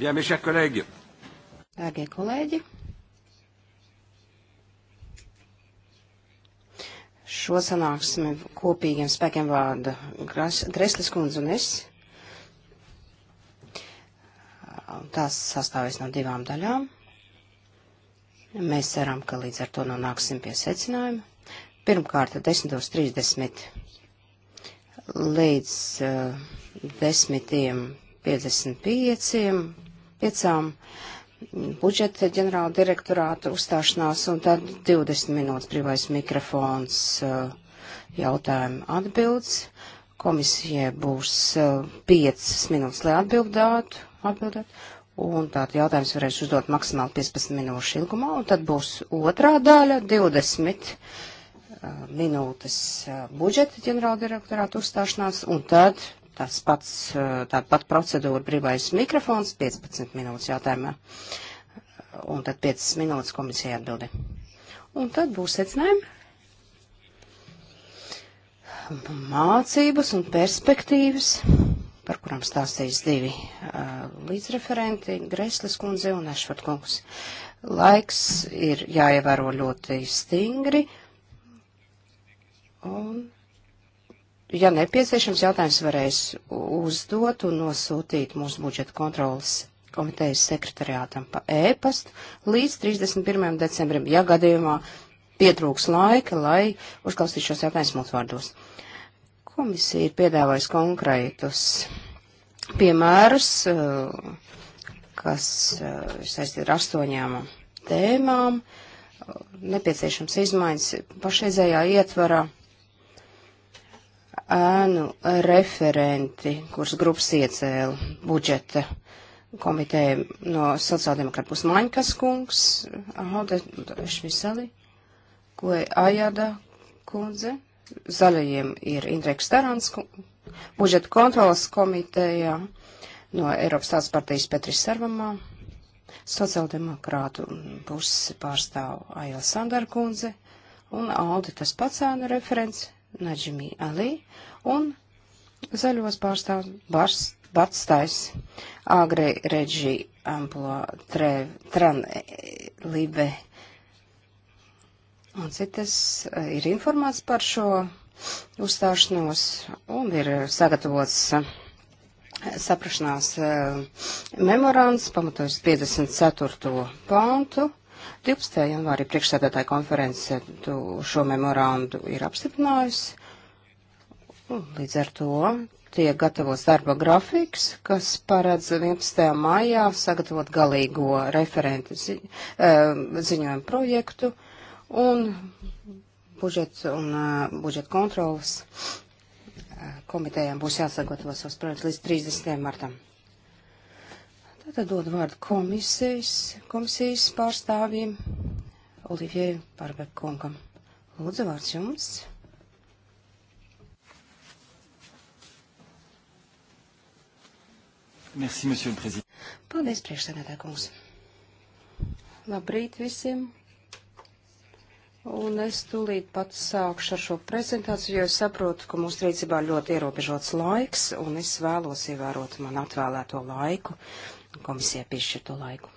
Bien, mes chers collègues. Dārgie kolēģi, šo sanāksmi kopīgiem spēkiem vārda Greslis kundze un es. Tās sastāvēs no divām daļām. Mēs ceram, ka līdz ar to nonāksim pie secinājuma. Pirmkārt, 10.30 līdz uh, eh, 10.55 piecām budžeta ģenerāla direktorāta uzstāšanās un tad 20 minūtes privais mikrofons uh, jautājumu atbildes. Komisija būs 5 uh, minūtes, lai atbildētu, atbildētu. Un tātad jautājums varēs uzdot maksimāli 15 minūšu ilgumā, un tad būs otrā daļa 20 uh, minūtes budžeta ģenerāla direktorāta uzstāšanās, un tad tāds pats, tāda pat procedūra brīvais mikrofons, 15 minūtes jautājumā, un tad 5 minūtes komisija atbildi. Un tad būs secinājumi. Mācības un perspektīvas, par kurām stāstīs divi uh, līdzreferenti, Greslis kundze un Ešvart kungs. Laiks ir jāievēro ļoti stingri. Un ja nepieciešams, jautājums varēs uzdot un nosūtīt mūsu budžeta kontrolas komitejas sekretariātam pa ēpastu e līdz 31. decembrim, ja gadījumā pietrūks laika, lai uzklausītu šos jautājumus mūsu vārdos. Komisija ir piedāvājusi konkrētus piemērus, eh, kas eh, ir saistīti ar astoņām tēmām, nepieciešams izmaiņas pašreizējā ietvarā ēnu referenti, kuras grupas iecēla budžeta komiteja no sociāldemokrāta puses Maņkas kungs, Alde Šviseli, ko Ajada kundze, zaļajiem ir Indreks Tarants, budžeta kontrolas komitejā no Eiropas tās partijas Petris Sarvamā, sociāldemokrātu puses pārstāv Aila Sandar kundze un Alde tas pats ēnu referents Naģimī Ali un zaļos pārstāvs Bars Batstais, Agre Reģi Amplo Trev, Tran Libe. Un citas e, ir informēts par šo uzstāšanos un ir sagatavots e, saprašanās e, memorands, pamatojas 54. pantu 12. janvārī priekšsēdētāja konference šo memorandu ir apstiprinājusi. Līdz ar to tiek gatavots darba grafiks, kas paredz 11. maijā sagatavot galīgo referentu zi, eh, ziņojumu projektu un budžets un uh, budžeta kontrolas eh, komitējām būs jāsagatavo savs projekts līdz 30. martam. Tad dod vārdu komisijas, komisijas pārstāvjiem Olivieru Parbekungam. Lūdzu, vārds jums. Merci, monsieur le président. Paldies, priekšsēdētāj kungs. Labrīt visiem. Un es tūlīt pat sākšu ar šo prezentāciju, jo es saprotu, ka mūsu rīcībā ļoti ierobežots laiks, un es vēlos ievērot man atvēlēto laiku komisijai piešķirto laiku.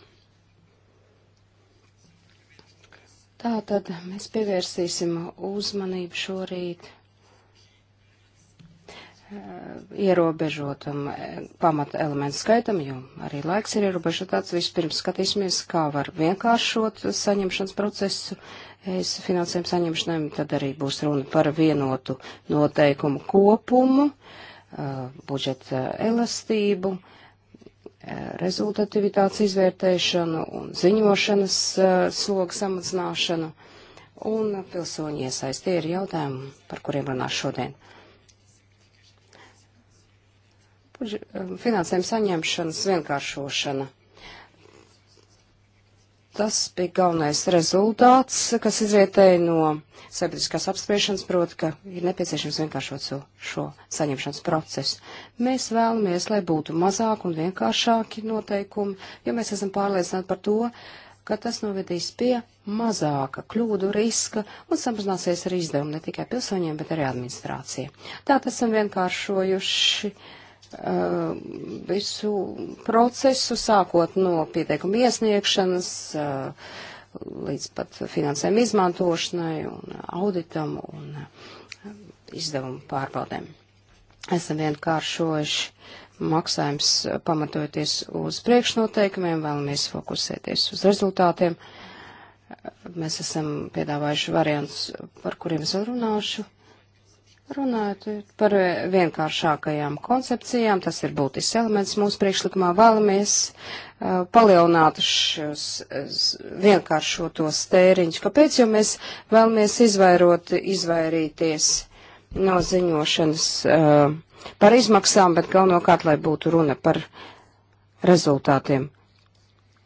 Tātad mēs pievērsīsim uzmanību šorīt eh, ierobežotam eh, pamata elementu skaitam, jo arī laiks ir ierobežotāts. Vispirms skatīsimies, kā var vienkāršot saņemšanas procesu es finansējumu saņemšanai, tad arī būs runa par vienotu noteikumu kopumu, eh, budžeta elastību, uh, E, rezultativitātes izvērtēšanu un ziņošanas e, slogu samazināšanu. Un pilsoņi iesaistīja ir jautājumi, par kuriem runā šodien. E, finansējuma saņemšanas vienkāršošana Tas bija galvenais rezultāts, kas izrietēja no sabiedriskās apspriešanas, proti, ka ir nepieciešams vienkāršot šo, šo saņemšanas procesu. Mēs vēlamies, lai būtu mazāk un vienkāršāki noteikumi, jo mēs esam pārliecināti par to, ka tas novedīs pie mazāka kļūdu riska un samazināsies arī izdevumi ne tikai pilsoņiem, bet arī administrācija. Tā esam vienkāršojuši uh, Uh, visu procesu, sākot no pieteikuma iesniegšanas uh, līdz pat finansējuma izmantošanai un auditam un uh, izdevumu pārbaudēm. Esam vienkāršojuši maksājums pamatojoties uz priekšnoteikumiem, vēlamies fokusēties uz rezultātiem. Mēs esam piedāvājuši variants, par kuriem es vēl runāšu Runājot par vienkāršākajām koncepcijām, tas ir būtisks elements mūsu priekšlikumā. Vēlamies uh, palielināt šos vienkāršotos tēriņus. Kāpēc? Jo mēs vēlamies izvairot, izvairīties no ziņošanas uh, par izmaksām, bet galvenokārt, lai būtu runa par rezultātiem.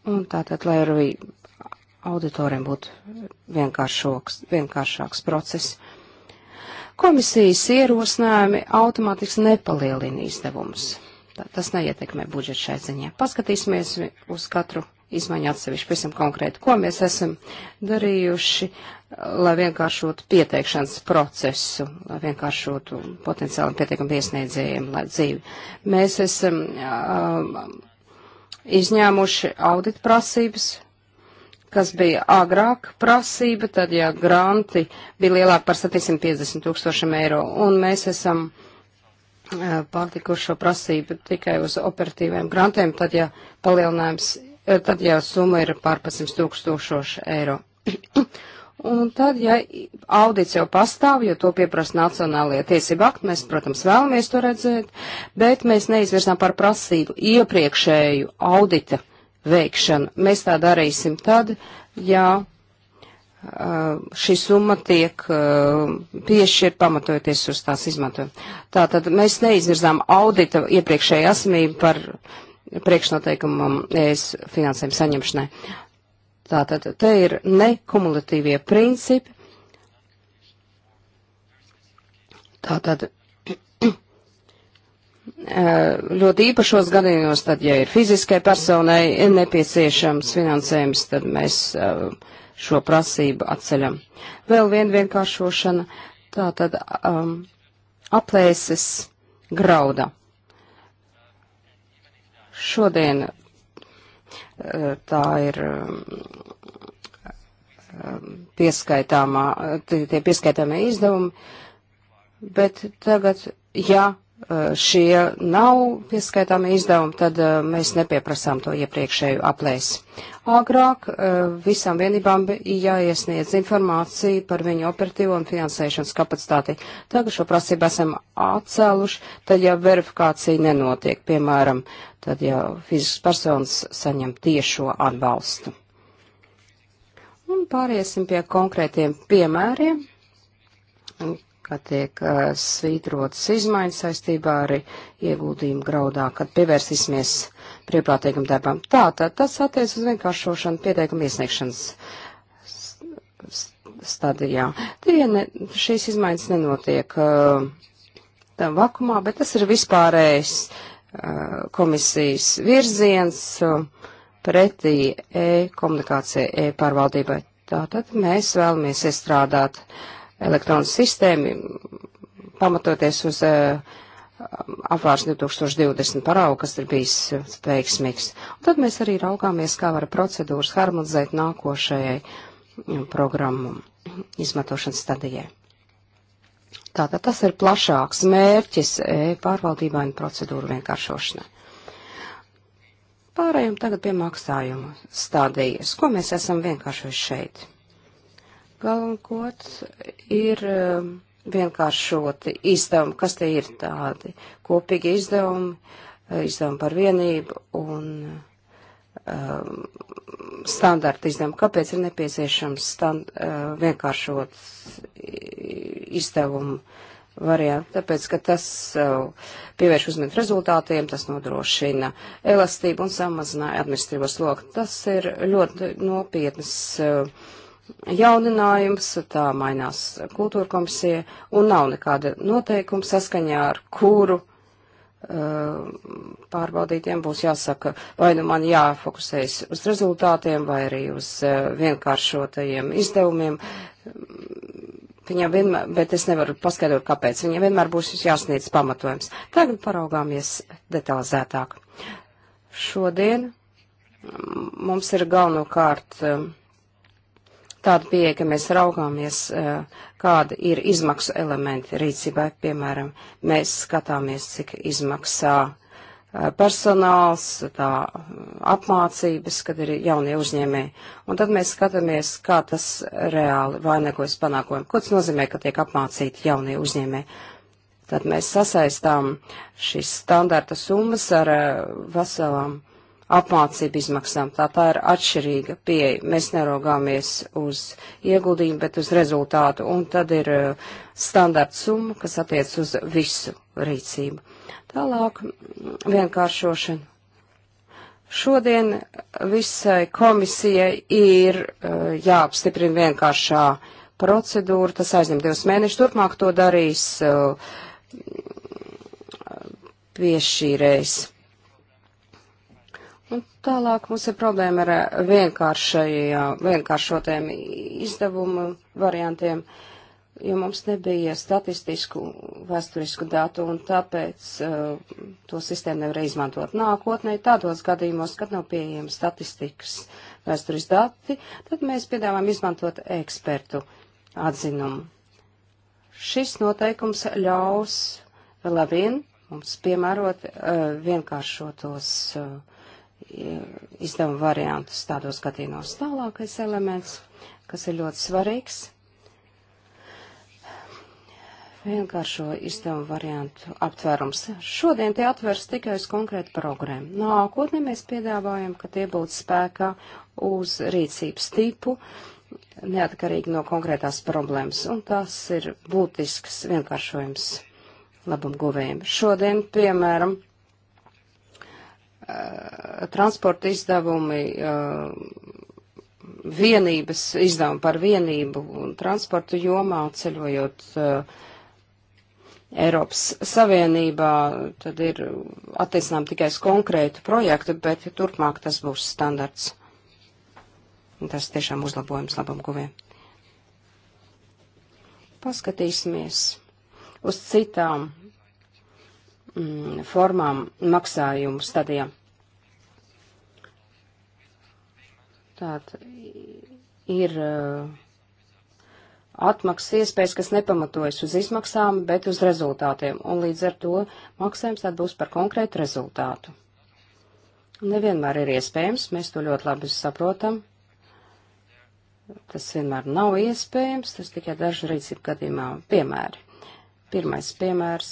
Un tātad, lai arī auditoriem būtu vienkāršāks process. Komisijas ierosinājumi automātiski nepalielina izdevumus. Tas neietekmē budžetu šai ziņā. Paskatīsimies uz katru izmaiņu atsevišķi, pavisam konkrēti, ko mēs esam darījuši, lai vienkāršotu pieteikšanas procesu, lai vienkāršotu potenciālam pieteikumu iesniedzējiem, lai dzīvi. Mēs esam um, izņēmuši audit prasības kas bija agrāk prasība, tad, ja granti bija lielāki par 750 tūkstošiem eiro, un mēs esam eh, pārtikuši šo prasību tikai uz operatīviem grantiem, tad, ja palielinājums, eh, tad, ja summa ir pār 500 tūkstošoši eiro. un tad, ja audits jau pastāv, jo to pieprasa Nacionālajie tiesība akti, mēs, protams, vēlamies to redzēt, bet mēs neizvirzām par prasību iepriekšēju audita uh, veikšanu. Mēs tā darīsim tad, ja šī summa tiek piešķirt pamatojoties uz tās izmantojumu. Tātad mēs neizvirzām audita iepriekšēju esamību par priekšnoteikumam es finansējumu saņemšanai. Tātad te ir nekumulatīvie principi. Tātad Eh, ļoti īpašos gadījumos, tad, ja ir fiziskai personai ir nepieciešams finansējums, tad mēs eh, šo prasību atceļam. Vēl viena vienkāršošana, tā tad um, aplēses grauda. Šodien eh, tā ir ehm, pieskaitāmā, tie, tie pieskaitāmie izdevumi, bet tagad, ja Eh, šie nav pieskaitāmi izdevumi, tad uh, mēs nepieprasām to iepriekšēju aplēsi. Agrāk uh, visām vienībām bija jāiesniedz informācija par viņu operatīvo un finansēšanas kapacitāti. Tagad šo prasību esam atcēluši, tad ja verifikācija nenotiek, piemēram, tad jau fizisks personas saņem tiešo atbalstu. Un pāriesim pie konkrētiem piemēriem kad tiek uh, svītrotas izmaiņas saistībā ar ieguldījumu graudā, kad pievērsīsimies brīvprātīgam darbam. Tātad tas attiec uz vienkāršošanu pieteikumu iesniegšanas stadijā. Tie ne, šīs izmaiņas nenotiek uh, tam vakumā, bet tas ir vispārējais uh, komisijas virziens uh, pretī e-komunikācijai, e-pārvaldībai. Tātad mēs vēlamies iestrādāt uh, elektronu sistēmu, pamatoties uz uh, apvārs 2020 paraugu, kas ir bijis veiksmīgs. Un tad mēs arī raugāmies, kā var procedūras harmonizēt nākošajai programmu izmantošanas stadijai. Tātad tas ir plašāks mērķis e, pārvaldībai un procedūru vienkāršošanai. Pārējām tagad pie maksājumu stādījas. Ko mēs esam vienkāršojuši šeit? Galvenot ir um, vienkāršoti izdevumi, kas tie ir tādi kopīgi izdevumi, uh, izdevumi par vienību un um, standarta izdevumi. Kāpēc ir nepieciešams stand, uh, vienkāršot izdevumu variantu? Tāpēc, ka tas uh, pievērš uzmanību rezultātiem, tas nodrošina elastību un samazināja administrīvos loku. Tas ir ļoti nopietnas. Uh, jauninājums, tā mainās kultūra komisija, un nav nekāda noteikuma saskaņā ar kuru uh, pārbaudītiem būs jāsaka, vai nu man jāfokusējas uz rezultātiem, vai arī uz uh, vienkāršotajiem izdevumiem. Viņam vienmēr, bet es nevaru paskaidrot, kāpēc. Viņam vienmēr būs jāsniedz pamatojums. Tagad paraugāmies detalizētāk. Šodien mm, mums ir galvenokārt uh, tāda pieeja, ka mēs raugāmies, eh, kāda ir izmaksu elementi rīcībai. Piemēram, mēs skatāmies, cik izmaksā eh, personāls, tā apmācības, kad ir jaunie uzņēmēji. Un tad mēs skatāmies, kā tas reāli vainagojas panākumiem. Ko tas nozīmē, ka tiek apmācīti jaunie uzņēmēji? Tad mēs sasaistām šīs standarta summas ar eh, veselām apmācību izmaksām. Tā tā ir atšķirīga pieeja. Mēs neraugāmies uz ieguldījumu, bet uz rezultātu, un tad ir eh, standarta summa, kas attiec uz visu rīcību. Tālāk mm, vienkāršošana. Šodien visai komisijai ir eh, jāapstiprina vienkāršā procedūra, tas aizņem divus mēnešus, turpmāk to darīs eh, piešķīrējs Un tālāk mums ir problēma ar eh, vienkāršotiem izdevumu variantiem, jo mums nebija statistisku vēsturisku datu, un tāpēc uh, to sistēmu nevar izmantot nākotnē. Tādos gadījumos, kad nav pieejama statistikas vēsturis dati, tad mēs piedāvājam izmantot ekspertu atzinumu. Šis noteikums ļaus vēl vien mums piemērot uh, vienkāršotos. Uh, izdevuma variantus tādos gadījumos. Tālākais elements, kas ir ļoti svarīgs, vienkāršo izdevumu variantu aptvērums. Šodien tie atvers tikai uz konkrētu programmu. Nākotnē mēs piedāvājam, ka tie būtu spēkā uz rīcības tipu, neatkarīgi no konkrētās problēmas, un tas ir būtisks vienkāršojums labumguvējiem. Šodien, piemēram, Eh, transporta izdevumi, eh, vienības izdevumi par vienību un transportu jomā ceļojot eh, Eiropas Savienībā, tad ir attiecinām tikai uz konkrētu projektu, bet turpmāk tas būs standarts. Tas tiešām uzlabojums labam guviem. Paskatīsimies uz citām mm, formām maksājumu stadijā. Tātad ir uh, atmaksas iespējas, kas nepamatojas uz izmaksām, bet uz rezultātiem, un līdz ar to maksājums tad būs par konkrētu rezultātu. Nevienmēr ir iespējams, mēs to ļoti labi saprotam. Tas vienmēr nav iespējams, tas tikai dažu rīcību gadījumā piemēri. Pirmais piemērs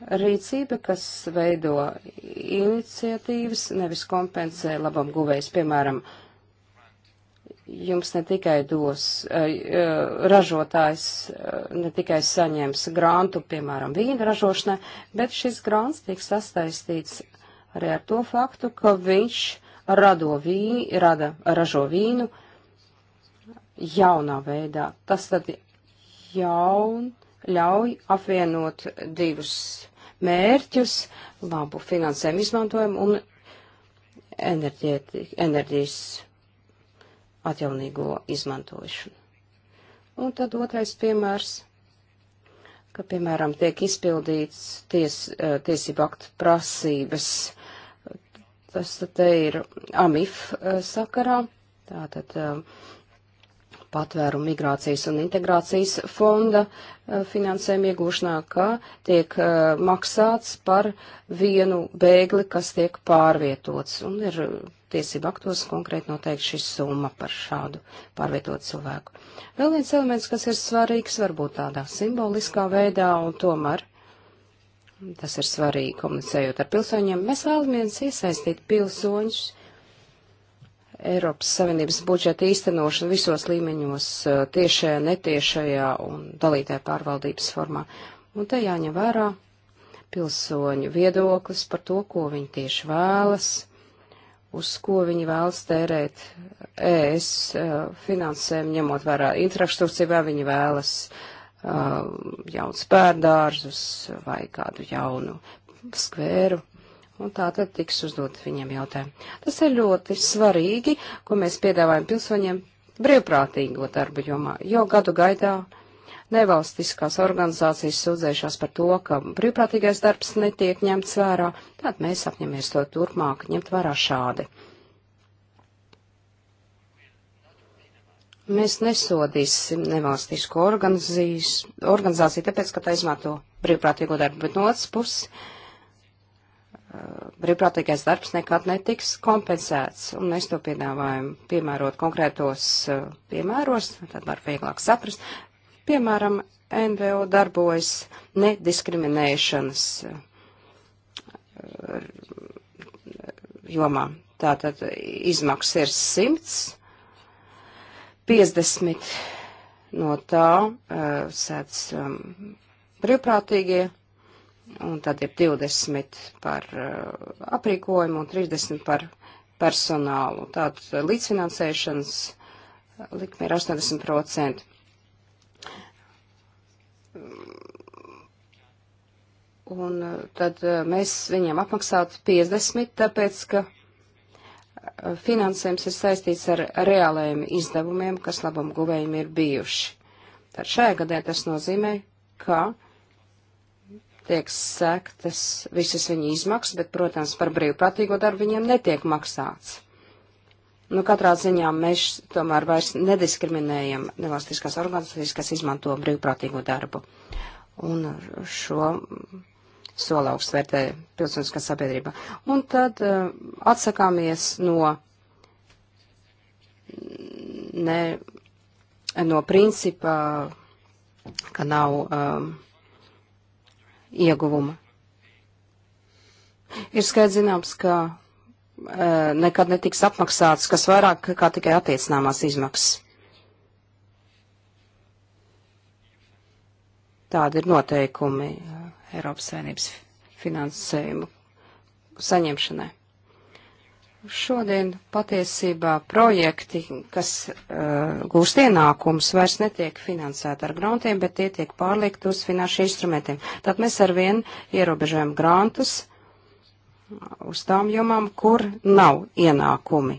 rīcība, kas veido iniciatīvas, nevis kompensē labam guvējs. Piemēram, jums ne tikai dos, eh, eh, ražotājs eh, ne tikai saņems grantu, piemēram, vīna ražošanai, bet šis grants tiek sastaistīts arī ar to faktu, ka viņš rado vīnu, rada, ražo vīnu jaunā veidā. Tas tad jaun ļauj apvienot divus mērķus - labu finansējumu izmantojumu un enerģijas atjaunīgo izmantošanu. Un tad otrais piemērs, ka, piemēram, tiek izpildīts ties, eh, tiesību aktu prasības, tas te ir AMIF eh, sakarā, tātad eh, patvērumu migrācijas un integrācijas fonda eh, finansējumu iegūšanā, ka tiek eh, maksāts par vienu bēgli, kas tiek pārvietots. Un ir eh, tiesība aktos konkrēti noteikti šī summa par šādu pārvietotu cilvēku. Vēl viens elements, kas ir svarīgs, varbūt tādā simboliskā veidā, un tomēr tas ir svarīgi komunicējot ar pilsoņiem, mēs vēlamies iesaistīt pilsoņus Eiropas Savienības budžeta īstenošanu visos līmeņos, tiešajā, netiešajā un dalītāja pārvaldības formā. Un te jāņem vērā pilsoņu viedoklis par to, ko viņi tieši vēlas, uz ko viņi vēlas tērēt ES finansēm, ņemot vērā infrastruktūru, vai viņi vēlas uh, jauns pērdārzus vai kādu jaunu skvēru Un tā tad tiks uzdot viņiem jautājumu. Tas ir ļoti svarīgi, ko mēs piedāvājam pilsoņiem brīvprātīgo darbu jomā, jo gadu gaidā nevalstiskās organizācijas sūdzējušās par to, ka brīvprātīgais darbs netiek ņemts vērā, tad mēs apņemies to turpmāk ņemt vērā šādi. Mēs nesodīsim nevalstisko organizāciju, tāpēc, ka tā izmanto brīvprātīgo darbu, bet no otras puses brīvprātīgais darbs nekad netiks kompensēts, un mēs to piedāvājam piemērot konkrētos eh, piemēros, tad var vieglāk saprast. Piemēram, NVO darbojas nediskriminēšanas eh, jomā. Tātad izmaksas ir 150 no tā eh, sēdz um, brīvprātīgie un tad ir 20 par uh, aprīkojumu un 30 par personālu. Tātad līdzfinansēšanas uh, likme ir 80%. Un uh, tad uh, mēs viņiem apmaksātu 50, tāpēc, ka finansējums ir saistīts ar reālajiem izdevumiem, kas labam guvējiem ir bijuši. Tad šajā gadē tas nozīmē, ka tiek sektas visas viņa izmaksas, bet, protams, par brīvprātīgo darbu viņiem netiek maksāts. Nu, katrā ziņā mēs tomēr vairs nediskriminējam nevalstiskās organizācijas, kas izmanto brīvprātīgo darbu. Un šo soli augstvērtē pilsoniskā sabiedrība. Un tad uh, atsakāmies no, ne, no principa, ka nav. Um, ieguvuma. Ir skaidrs zināms, ka e, nekad netiks apmaksāts, kas vairāk kā tikai attiecināmās izmaksas. Tādi ir noteikumi e, Eiropas Savienības finansējumu saņemšanai. Šodien patiesībā projekti, kas uh, gūst ienākums, vairs netiek finansēti ar grantiem, bet tie tiek pārlikt uz finanšu instrumentiem. Tad mēs arvien ierobežojam grantus uh, uz tām jomām, kur nav ienākumi.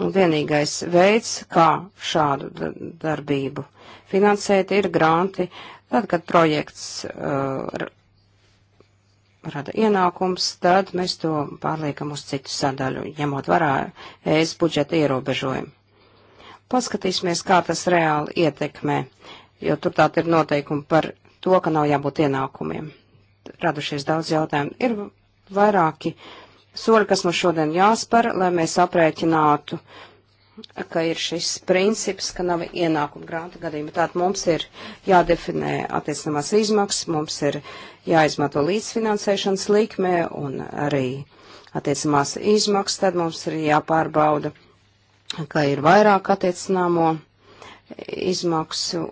Un vienīgais veids, kā šādu darbību finansēt, ir granti, tad, kad projekts uh, rada ienākums, tad mēs to pārliekam uz citu sadaļu, ņemot varā ES budžeta ierobežojumu. Paskatīsimies, kā tas reāli ietekmē, jo tur tā ir noteikumi par to, ka nav jābūt ienākumiem. Radušies daudz jautājumu. Ir vairāki soļi, kas mums šodien jāspēr, lai mēs aprēķinātu ka ir šis princips, ka nav ienākuma grānta gadījuma. Tātad mums ir jādefinē attiecinamās izmaksas, mums ir jāizmanto līdzfinansēšanas likme un arī attiecinamās izmaksas, tad mums ir jāpārbauda, ka ir vairāk attiecināmo izmaksu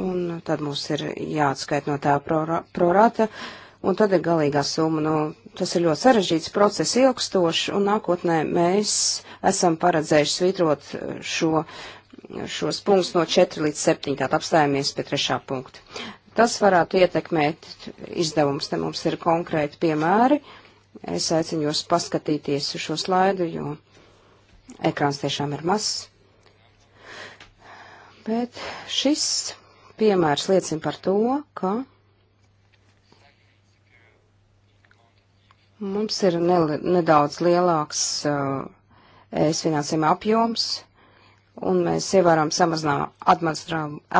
un tad mums ir jāatskait no tā prorata. Un tad ir galīgā summa no nu, tas ir ļoti sarežģīts process, ilgstošs, un nākotnē mēs esam paredzējuši svītrot šo, šos punktus no 4 līdz 7, tātad apstājamies pie 3. punkta. Tas varētu ietekmēt izdevums, te mums ir konkrēti piemēri. Es aicinu jūs paskatīties uz šo slaidu, jo ekrāns tiešām ir mazs. Bet šis piemērs liecina par to, ka Mums ir ne, nedaudz lielāks uh, es finansējuma apjoms, un mēs ievērām samazinām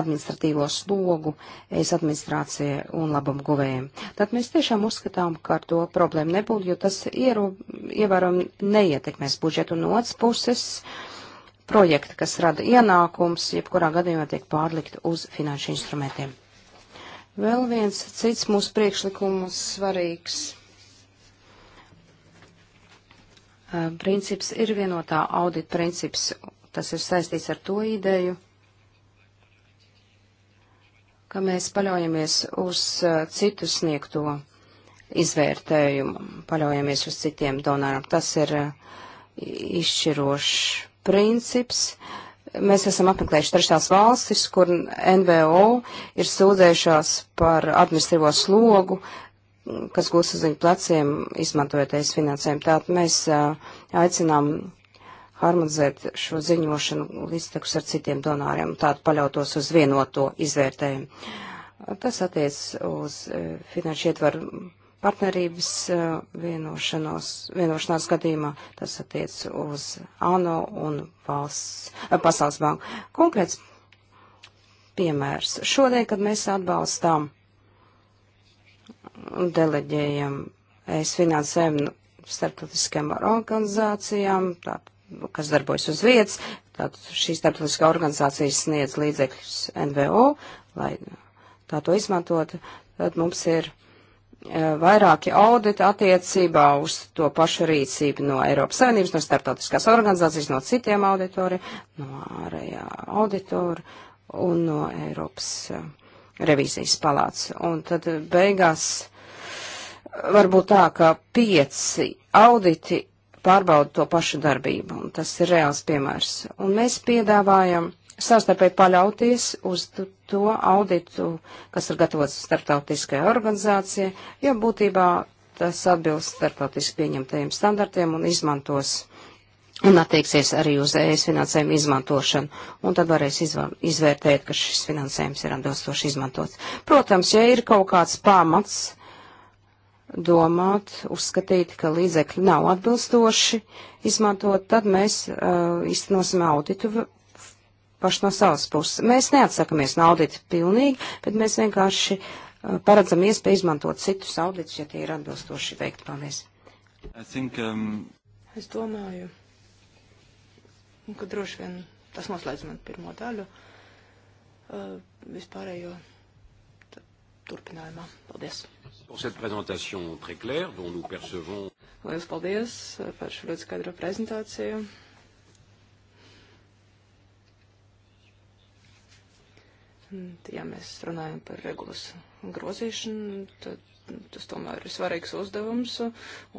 administratīvo slogu es administrācijai un labam guvējiem. Tad mēs tiešām uzskatām, ka ar to problēmu nebūtu, jo tas ievērām neietekmēs budžetu no otras puses. Projekti, kas rada ienākums, jebkurā gadījumā tiek pārlikt uz finanšu instrumentiem. Vēl viens cits mūsu priekšlikums svarīgs Uh, princips ir vienotā audita princips. Tas ir saistīts ar to ideju, ka mēs paļaujamies uz uh, citu sniegto izvērtējumu, paļaujamies uz citiem donoriem. Tas ir uh, izšķirošs princips. Mēs esam apmeklējuši trešās valstis, kur NVO ir sūdzējušās par administrīvo slogu, kas gūs uz viņu pleciem, izmantojoties finansējumu. Tātad mēs aicinām harmonizēt šo ziņošanu līdztekus ar citiem donāriem, tātad paļautos uz vienoto izvērtējumu. Tas attiec uz finanšu ietvaru partnerības vienošanos, vienošanās gadījumā, tas attiec uz ANO un valsts, Pasaules banku. Konkrēts piemērs. Šodien, kad mēs atbalstām deleģējam, es finansējumu starptautiskām organizācijām, tā, kas darbojas uz vietas. Tātad šīs starptautiskā organizācijas sniedz līdzekļus NVO, lai nu, tā to izmantotu. Tad mums ir e, vairāki auditi attiecībā uz to pašu rīcību no Eiropas Savienības, no starptautiskās organizācijas, no citiem auditoriem, no ārējā auditora un no Eiropas e, revīzijas palāca. Un tad beigās varbūt tā, ka pieci auditi pārbauda to pašu darbību, un tas ir reāls piemērs. Un mēs piedāvājam savstarpēji paļauties uz to auditu, kas ir gatavots starptautiskajai organizācijai, jo būtībā tas atbilst starptautiski pieņemtajiem standartiem un izmantos un attieksies arī uz ES finansējumu izmantošanu, un tad varēs izvērtēt, ka šis finansējums ir atbilstoši izmantots. Protams, ja ir kaut kāds pamats, domāt, uzskatīt, ka līdzekļi nav atbilstoši izmantot, tad mēs uh, iztenosim auditu paši no savas puses. Mēs neatsakamies no audita pilnīgi, bet mēs vienkārši uh, paredzam iespēju izmantot citus auditus, ja tie ir atbilstoši veikti. Paldies. Think, um... Es domāju, ka droši vien tas noslēdz man pirmo daļu uh, vispārējo turpinājumā. Paldies. Lielas paldies par šo ļoti skaidro prezentāciju. Ja mēs runājam par regulas grozīšanu, tad tas tomēr ir svarīgs uzdevums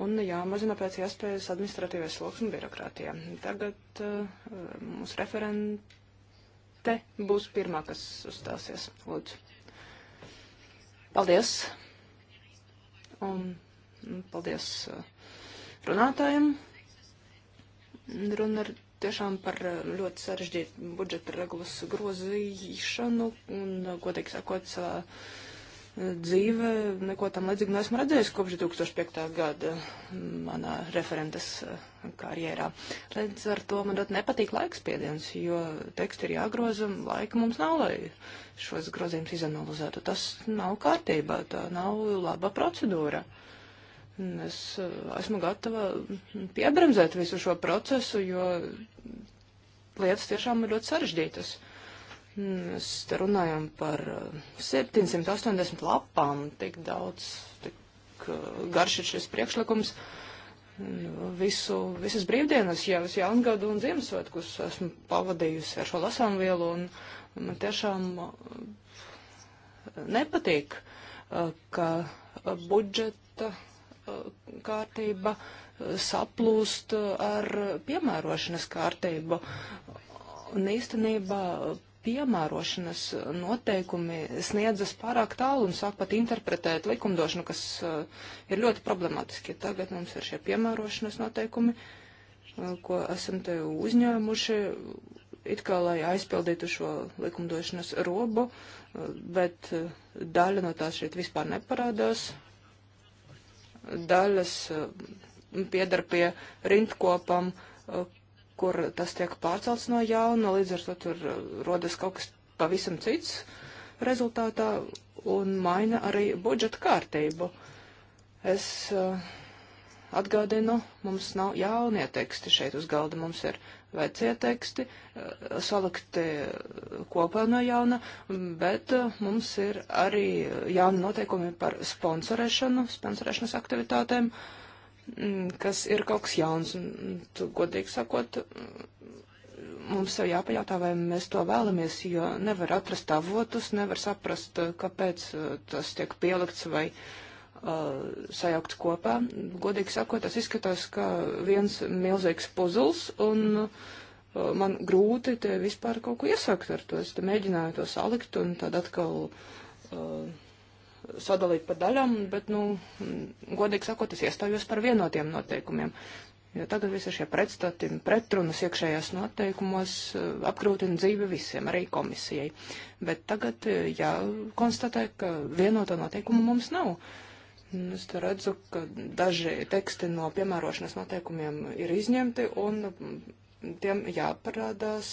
un jāmazina pēc iespējas administratīvais sloks un birokrātija. Tagad uh, mūsu referente būs pirmā, kas uzstāsies. Lūdzu. Paldies! Un nu, paldies uh, runātājiem. Runa ir tiešām par uh, ļoti sarežģītu budžeta regulas grozīšanu un, uh, godīgi sakot, uh, dzīvē neko tam līdzīgu neesmu redzējis kopš 2005. gada manā referentes eh, karjerā. Līdz ar to man ļoti nepatīk laikspiediens, jo teksti ir jāgroza, laika mums nav, lai šos grozījumus izanalizētu. Tas nav kārtībā, tā nav laba procedūra. Es eh, esmu gatava piebremzēt visu šo procesu, jo lietas tiešām ir ļoti sarežģītas. Uh, Mēs te runājam par 780 eh, lapām, tik daudz, tik eh, garš ir šis priekšlikums. Nu, visu, visas brīvdienas, jau uz jaungadu un Ziemassvētkus esmu pavadījusi ar šo lasāmvielu, un man tiešām eh, nepatīk, ka budžeta kārtība saplūst ar piemērošanas kārtību. Un īstenībā piemērošanas noteikumi sniedzas pārāk tālu un sāk pat interpretēt likumdošanu, kas eh, ir ļoti problemātiski. Tagad mums ir šie piemērošanas noteikumi, eh, ko esam te uzņēmuši, it kā lai aizpildītu šo likumdošanas robu, eh, bet daļa no tās šeit vispār neparādās. Daļas piedar pie rindkopam, kur tas tiek pārcelts no jauna, līdz ar to tur rodas kaut kas pavisam cits rezultātā un maina arī budžeta kārtību. Es uh, atgādinu, mums nav jaunie teksti šeit uz galda, mums ir vecie teksti, eh, salikti eh, kopā no jauna, bet mums ir arī jauni noteikumi par sponsorēšanu, sponsorēšanas aktivitātēm. Uh, Mm, kas ir kaut kas jauns. Un, tu, godīgi sakot, mm, mums jau jāpajautā, vai mēs to vēlamies, jo nevar atrast avotus, nevar saprast, eh, kāpēc eh, tas tiek pielikts vai uh, eh, sajaukts kopā. Godīgi sakot, tas izskatās kā viens milzīgs puzls, un uh, man grūti te vispār kaut ko iesākt ar to. Es te mēģināju to salikt, un tad atkal. Uh, sadalīt pa daļām, bet, nu, godīgi sakot, es iestājos par vienotiem noteikumiem. Jo tagad visi šie pretstati un pretrunas iekšējās noteikumos eh, apgrūtina dzīvi visiem, arī komisijai. Bet tagad eh, jākonstatē, ka vienoto noteikumu mums nav. Es redzu, ka daži teksti no piemērošanas noteikumiem ir izņemti un mm, tiem jāparādās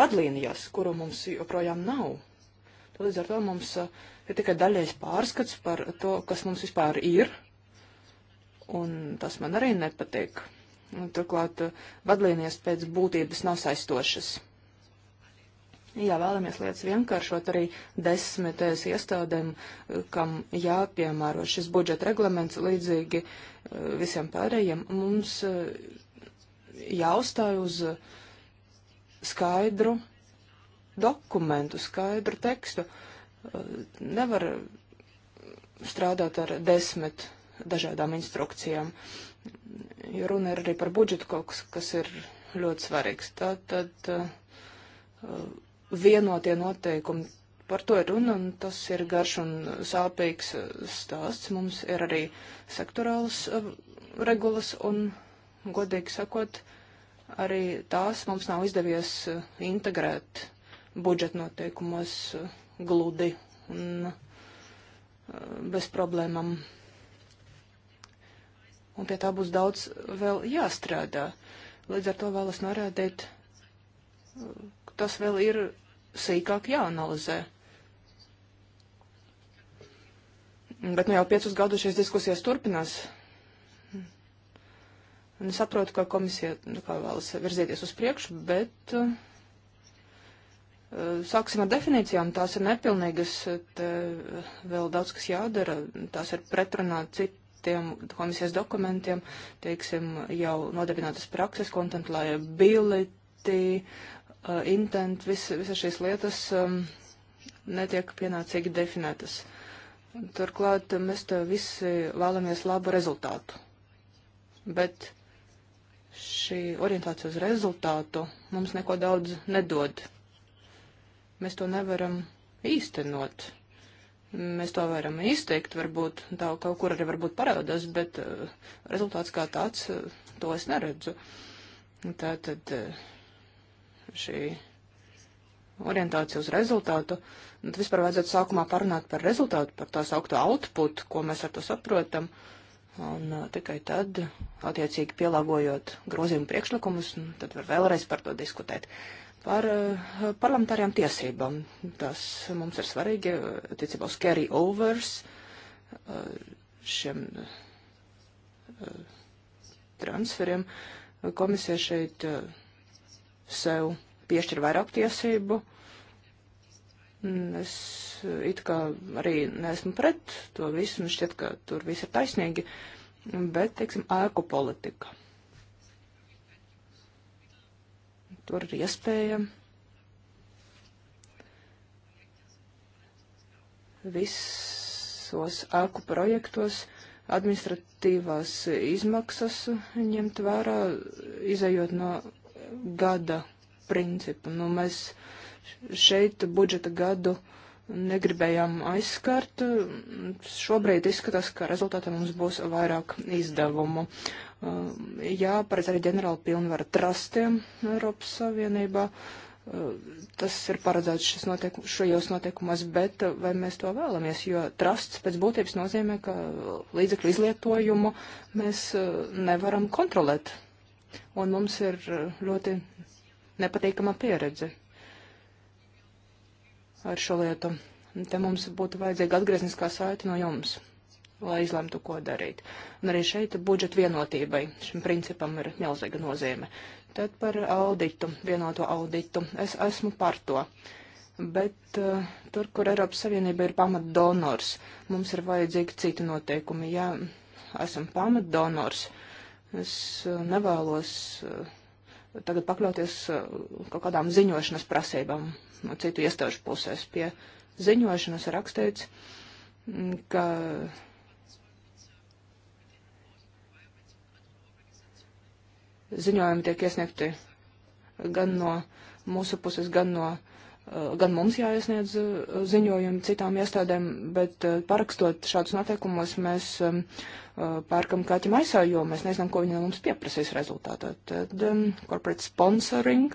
vadlīnijās, kuru mums joprojām nav. Tad līdz ar to mums uh, ir tikai daļais pārskats par to, kas mums vispār ir, un tas man arī nepatīk. Un, turklāt eh, vadlīnijas pēc būtības nav saistošas. Jā, vēlamies lietas vienkāršot arī desmitēs iestādēm, eh, kam jāpiemēro šis budžeta reglaments līdzīgi eh, visiem pārējiem. Mums jāuzstāj uz skaidru dokumentu, skaidru tekstu. Uh, nevar strādāt ar desmit dažādām instrukcijām, jo runa ir arī par budžetu kaut kas, kas ir ļoti svarīgs. Tā tad uh, vienotie noteikumi, par to ir runa, un tas ir garš un sāpīgs stāsts. Mums ir arī sektorāls uh, regulas, un, godīgi sakot, arī tās mums nav izdevies uh, integrēt budžeta noteikumos. Uh, gludi un e, bez problēmām. Un pie tā būs daudz vēl jāstrādā. Līdz ar to vēlas norādīt, e, ka tas vēl ir sīkāk jāanalizē. Bet nu jau piecus gadus šīs diskusijas turpinās. Un es saprotu, ka komisija nu, kā, vēlas virzīties uz priekšu, bet uh, Sāksim ar definīcijām. Tās ir nepilnīgas, te vēl daudz kas jādara. Tās ir pretrunā citiem komisijas dokumentiem, teiksim, jau nodarbinātas prakses, contemplējability, uh, intent, vis, visas šīs lietas um, netiek pienācīgi definētas. Turklāt um, mēs te visi vēlamies labu rezultātu. Bet šī orientācija uz rezultātu mums neko daudz nedod mēs to nevaram īstenot. Mēs to varam izteikt, varbūt tā kaut kur arī varbūt parādās, bet uh, rezultāts kā tāds, uh, to es neredzu. Tā tad uh, šī orientācija uz rezultātu, nu, tad vispār vajadzētu sākumā parunāt par rezultātu, par tās augto output, ko mēs ar to saprotam, un uh, tikai tad, attiecīgi pielāgojot grozījumu priekšlikumus, nu, tad var vēlreiz par to diskutēt. Uh, par eh, parlamentārajām tiesībām. Tas mums ir svarīgi, eh, attiecībā uz carry overs, eh, šiem transferiem. Komisija šeit sev piešķir vairāk tiesību. Es it kā arī neesmu pret to visu, un šķiet, ka tur viss ir taisnīgi, bet, teiksim, ēku politika Tur ir iespēja visos ēku projektos administratīvās izmaksas ņemt vērā, izējot no gada principu. Nu, mēs šeit budžeta gadu uh, negribējām aizskart. Šobrīd izskatās, ka rezultātā mums būs vairāk izdevumu. Jāparedz arī ģenerāla pilnvara trastiem Eiropas Savienībā. Tas ir paredzēts šis noteiku, šajos noteikumos, bet vai mēs to vēlamies, jo trasts pēc būtības nozīmē, ka līdzekļu izlietojumu mēs nevaram kontrolēt. Un mums ir ļoti nepatīkama pieredze ar šo lietu. Te mums būtu vajadzīga atgriezniskā saita no jums, lai izlemtu, ko darīt. Un arī šeit budžeta vienotībai šim principam ir milzīga nozīme. Tad par auditu, vienoto auditu. Es esmu par to. Bet uh, tur, kur Eiropas Savienība ir pamatdonors, mums ir vajadzīgi citi noteikumi. Ja esam pamatdonors, es uh, nevēlos. Uh, tagad pakļauties uh, kaut kādām ziņošanas prasībām no citu iestāžu pusēs. Pie ziņošanas rakstīts, mm, ka. Ziņojumi tiek iesniegti gan no mūsu puses, gan no uh, Eh, gan mums jāiesniedz eh, ziņojumi citām iestādēm, bet eh, parakstot šādus noteikumus, mēs ehm, pērkam kaķi maisā, jo mēs nezinām, ko viņi no mums pieprasīs rezultātā. Tad um, corporate sponsoring.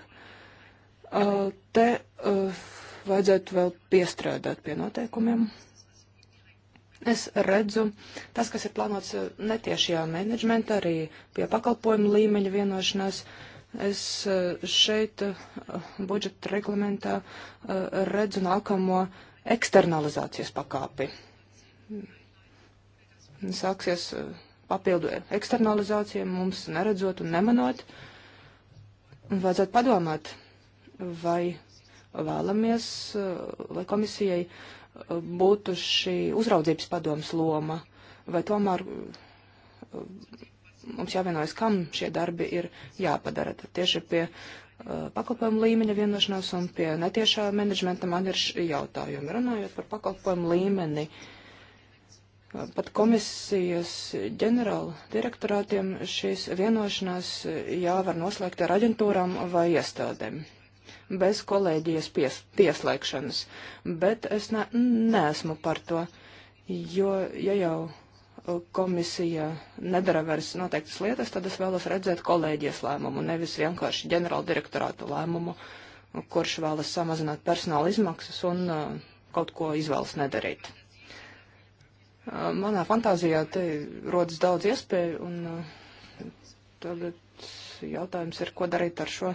Uh, te uh, vajadzētu vēl piestrādāt pie noteikumiem. Es redzu, tas, kas ir plānots netiešajā menedžmentā, arī pie pakalpojumu līmeņa vienošanās. Uh, Es eh, šeit eh, budžeta reglamentā eh, redzu nākamo eksternalizācijas pakāpi. Sāksies papildu eksternalizācija mums neredzot un nemanot. Vajadzētu padomāt, vai vēlamies, lai komisijai būtu šī uzraudzības padomas loma, vai tomēr mums jāvienojas, kam šie darbi ir jāpadara. Tad tieši pie uh, pakalpojumu līmeņa vienošanās un pie netiešā menedžmenta man ir jautājumi. Runājot par pakalpojumu līmeni, uh, pat komisijas ģenerāla direktorātiem šīs vienošanās uh, jāvar noslēgt ar aģentūrām vai iestādēm bez kolēģijas pies, pieslēgšanas, bet es ne, neesmu par to, jo, ja jau komisija nedara vairs noteiktas lietas, tad es vēlos redzēt kolēģijas lēmumu, nevis vienkārši ģenerāla direktorāta lēmumu, kurš vēlas samazināt personāla izmaksas un uh, kaut ko izvēlas nedarīt. Uh, manā fantāzijā te rodas daudz iespēju, un uh, tagad jautājums ir, ko darīt ar šo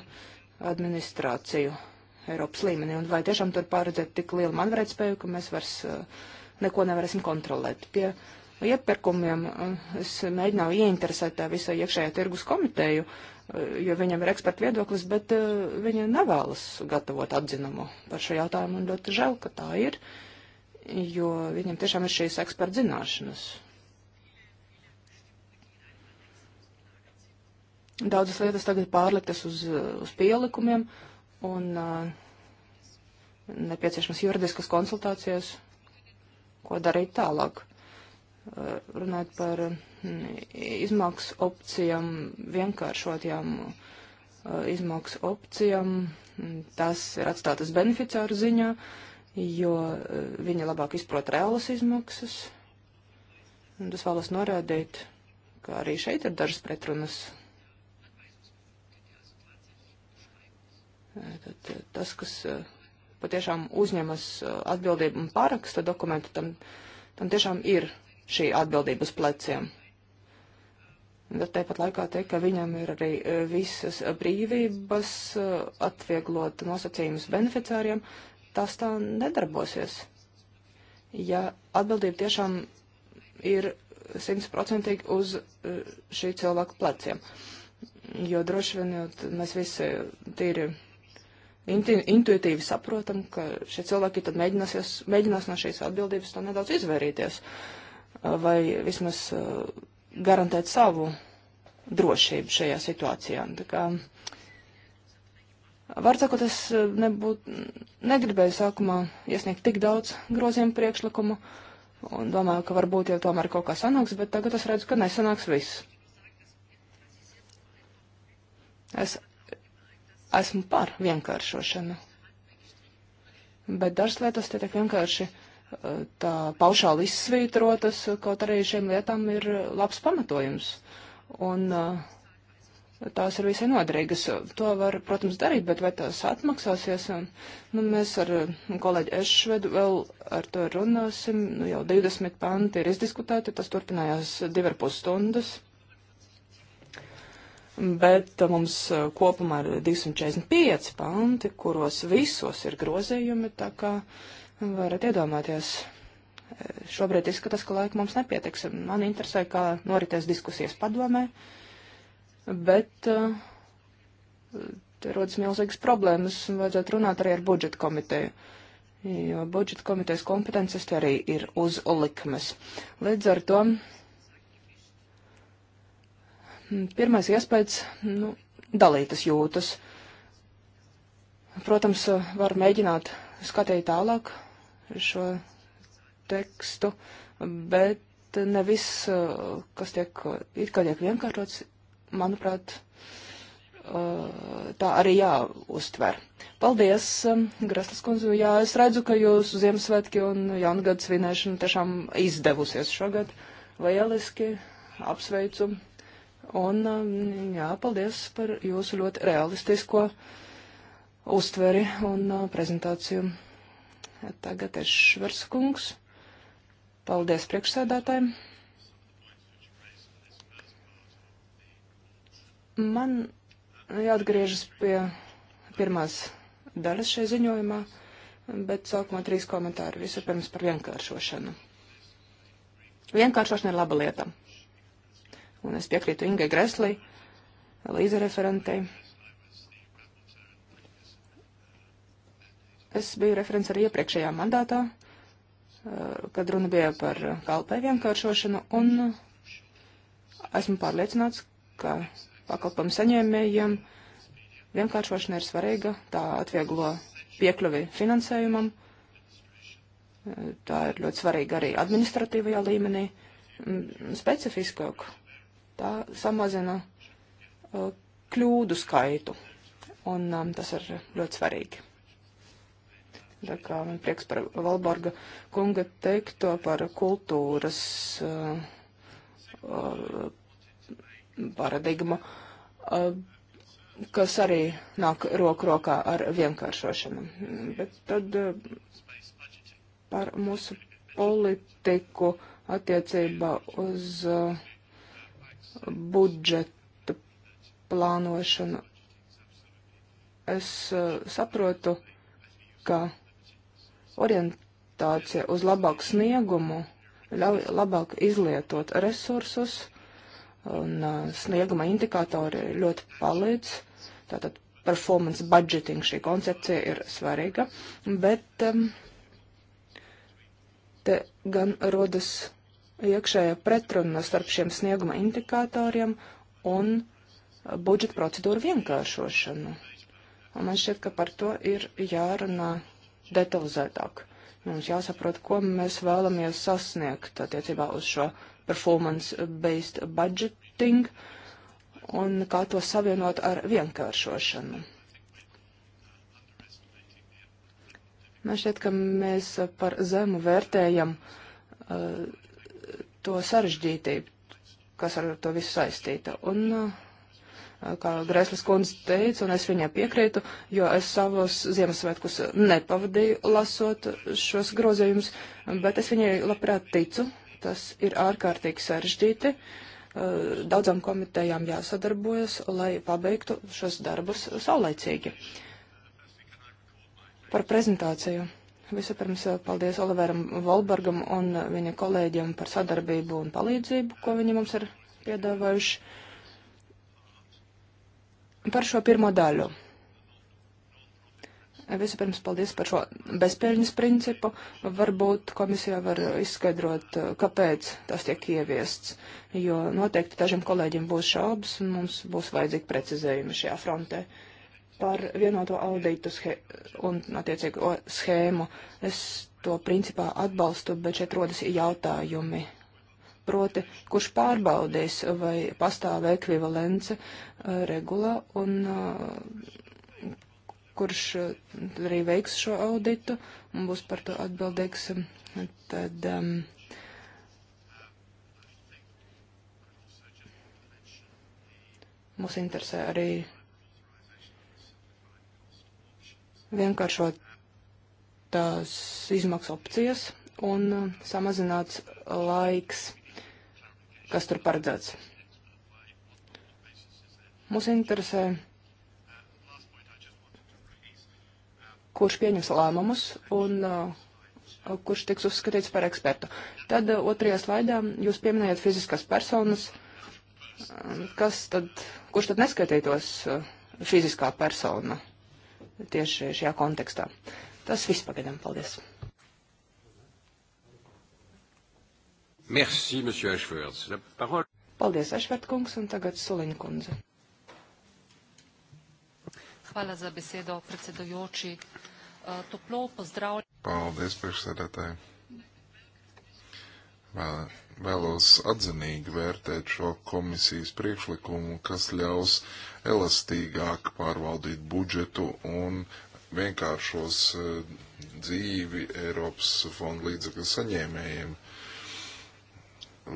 administrāciju Eiropas līmenī, un vai tiešām tur pārredzēt tik lielu manvarētspēju, ka mēs vairs uh, neko nevarēsim kontrolēt. Pie uh, iepirkumiem. Eh, es mēģināju ieinteresēt tā eh, visu iekšējā tirgus komiteju, eh, jo viņam ir eksperta viedoklis, bet viņa nevēlas gatavot atzinumu par šo jautājumu, un ļoti žēl, ka tā ir, jo viņam tiešām ir šīs eksperta zināšanas. Daudzas lietas tagad pārliktas uz, uz pielikumiem, un uh, nepieciešamas juridiskas konsultācijas, ko darīt tālāk runāt par mm, izmaksu opcijām, vienkāršotām eh, izmaksu opcijām. Tas ir atstātas beneficāru ziņā, jo eh, viņi labāk izprot reālas izmaksas. Un tas vēlas norādīt, ka arī šeit ir dažas pretrunas. Eh, tad, tas, kas patiešām uzņemas atbildību un pāraksta dokumentu, tam, tam tiešām ir šī atbildība uz pleciem. Bet tāpat laikā teikt, ka viņam ir arī e, visas brīvības e, atvieglot nosacījumus beneficāriem, tas tā nedarbosies. Ja atbildība tiešām ir simtprocentīgi uz e, šī cilvēka pleciem, jo droši vien jau mēs visi tīri intu, intuitīvi saprotam, ka šie cilvēki tad mēģinās, mēģinās no šīs atbildības tā nedaudz izvairīties. Uh, vai vismaz uh, garantēt savu drošību šajā situācijā. Tā kā, var sakot, es uh, nebūt, negribēju sākumā iesniegt tik daudz grozījumu priekšlikumu un domāju, ka varbūt jau tomēr kaut kā sanāks, bet tagad es redzu, ka nesanāks viss. Es esmu par vienkāršošanu, bet dažas lietas te tiek vienkārši tā paušāli izsvītrotas, kaut arī šiem lietām ir labs pamatojums. Un uh, tās ir visai noderīgas. To var, protams, darīt, bet vai tās atmaksāsies? Un, nu, mēs ar uh, kolēģi Ešvedu vēl ar to runāsim. Nu, jau 20 panti ir izdiskutēti, tas turpinājās divi ar pus stundas bet uh, mums kopumā ir 245 panti, kuros visos ir grozījumi, tā kā Varat iedomāties, eh, šobrīd izskatās, ka laika mums nepietiks. Man interesē, kā noritēs diskusijas padomē, bet uh, eh, te rodas milzīgas problēmas, vajadzētu runāt arī ar budžeta komiteju, jo budžeta komitejas kompetences te arī ir uz likmes. Līdz ar to mm, pirmais iespējas, nu, dalītas jūtas. Protams, var mēģināt skatīt tālāk, šo tekstu, bet ne viss, eh, kas tiek, it kā tiek vienkāršots, manuprāt, eh, tā arī jāuztver. Paldies, eh, Graslis kundze. Jā, es redzu, ka jūsu Ziemassvētki un jaungada svinēšana tiešām izdevusies šogad. Lieliski apsveicu. Un jā, paldies par jūsu ļoti realistisko uztveri un prezentāciju. Tagad es Šverskungs. Paldies priekšsēdātājiem. Man jāatgriežas pie pirmās daļas šajā ziņojumā, bet sākumā trīs komentāri. Vispirms par vienkāršošanu. Vienkāršošana ir laba lieta. Un es piekrītu Ingai Greslī, līdzi referentei Es biju referents arī iepriekšējā mandātā, eh, kad runa bija par kalpai vienkāršošanu, un esmu pārliecināts, ka pakalpam saņēmējiem vienkāršošana ir svarīga, tā atvieglo piekļuvi finansējumam, eh, tā ir ļoti svarīga arī administratīvajā līmenī, specifiskāk tā samazina uh, kļūdu skaitu, un um, tas ir ļoti svarīgi. Tā kā man prieks par Valborga kunga teikto par kultūras uh, uh, paradigmu, uh, kas arī nāk roku rokā ar vienkāršošanu. Bet tad uh, par mūsu politiku attiecībā uz uh, budžeta plānošanu. Es uh, saprotu, ka orientācija uz labāku sniegumu ļauj labāk izlietot resursus, un uh, snieguma indikātori ļoti palīdz. Tātad performance budgeting šī koncepcija ir svarīga, bet um, te gan rodas iekšējā pretruna starp šiem snieguma indikātoriem un uh, budžeta procedūru vienkāršošanu. Un man šķiet, ka par to ir jārunā detalizētāk. Nu, mums jāsaprot, ko mēs vēlamies sasniegt attiecībā uz šo performance-based budgeting un kā to savienot ar vienkāršošanu. Man šķiet, ka mēs par zemu vērtējam uh, to sarežģītību, kas ar to visu saistīta. Un uh, kā Greslis kundze teica, un es viņai piekrītu, jo es savus Ziemassvētkus nepavadīju lasot šos grozījumus, bet es viņai labprāt ticu, tas ir ārkārtīgi sarežģīti. Eh, daudzām komitejām jāsadarbojas, lai pabeigtu šos darbus saulaicīgi. Par prezentāciju. Vispirms eh, paldies Oliveram Volbergam un eh, viņa kolēģiem par sadarbību un palīdzību, ko viņi mums ir piedāvājuši. Uh, Par šo pirmo daļu. Vispirms paldies par šo bezpēļņas principu. Varbūt komisija var izskaidrot, eh, kāpēc tas tiek ieviests, jo noteikti dažiem kolēģiem būs šaubas un mums būs vajadzīgi precizējumi šajā frontē. Par vienoto auditu un attiecīgo schēmu es to principā atbalstu, bet šeit rodas jautājumi proti, kurš pārbaudīs, vai pastāv ekvivalence uh, regulā un uh, kurš uh, arī veiks šo auditu un būs par to atbildīgs. Um, tad, um, mūs interesē arī vienkāršot tās izmaksu opcijas un samazināts laiks kas tur paredzēts. Mūs interesē, kurš pieņems lēmumus un uh, kurš tiks uzskatīts par ekspertu. Tad uh, otrajā slaidā jūs pieminējat fiziskās personas, um, kas tad, kurš tad neskaitītos uh, fiziskā persona tieši šajā kontekstā. Tas viss pagaidām. Paldies! Merci, monsieur Ashfords. La parole. Paldies, Ashford kungs, un tagad Suliņa kundze. Hvala za besedo, predsedujoči. E, toplo pozdravljam. Paldies, priekšsēdētāji. Vēl, vēlos atzinīgi vērtēt šo komisijas priekšlikumu, kas ļaus elastīgāk pārvaldīt budžetu un vienkāršos e, dzīvi Eiropas fonda līdzekļu saņēmējiem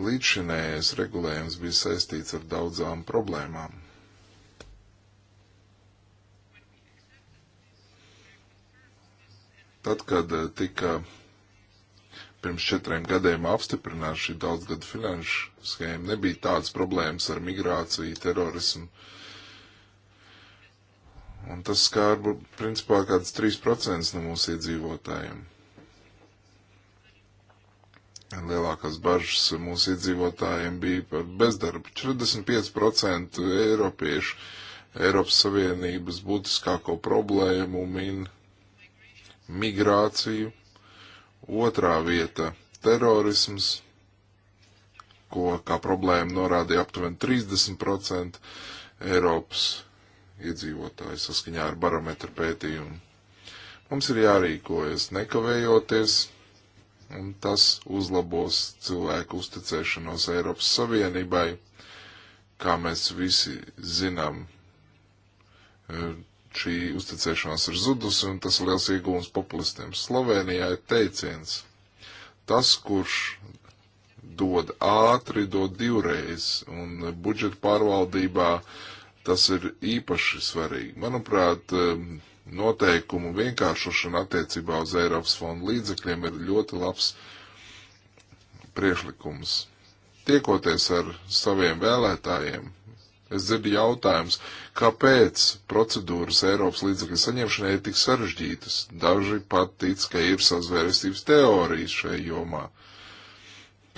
līdzšinējais regulējums bija saistīts ar daudzām problēmām. Tad, kad eh, tika pirms četriem gadiem apstiprināta šī daudzgada finanšu schēma, nebija tādas problēmas ar migrāciju, terorismu. Un tas skār, principā, kāds 3% no mūsu iedzīvotājiem. Lielākās bažas mūsu iedzīvotājiem bija par bezdarbu. 45% eiropiešu Eiropas Savienības būtiskāko problēmu min migrāciju. Otrā vieta - terorisms, ko kā problēmu norādīja aptuveni 30% Eiropas iedzīvotāju saskaņā ar barometru pētījumu. Mums ir jārīkojas nekavējoties un tas uzlabos cilvēku uzticēšanos Eiropas Savienībai, kā mēs visi zinām. E, šī uzticēšanās ir zudusi, un tas ir liels iegūms populistiem. Slovenijā ir teiciens, tas, kurš dod ātri, dod divreiz, un budžeta pārvaldībā tas ir īpaši svarīgi. Manuprāt, e, noteikumu vienkāršošana attiecībā uz Eiropas fondu līdzekļiem ir ļoti labs priešlikums. Tiekoties ar saviem vēlētājiem, es dzirdu jautājums, kāpēc procedūras Eiropas līdzekļu saņemšanai ir tik sarežģītas. Daži pat tic, ka ir sazvērestības teorijas šajā jomā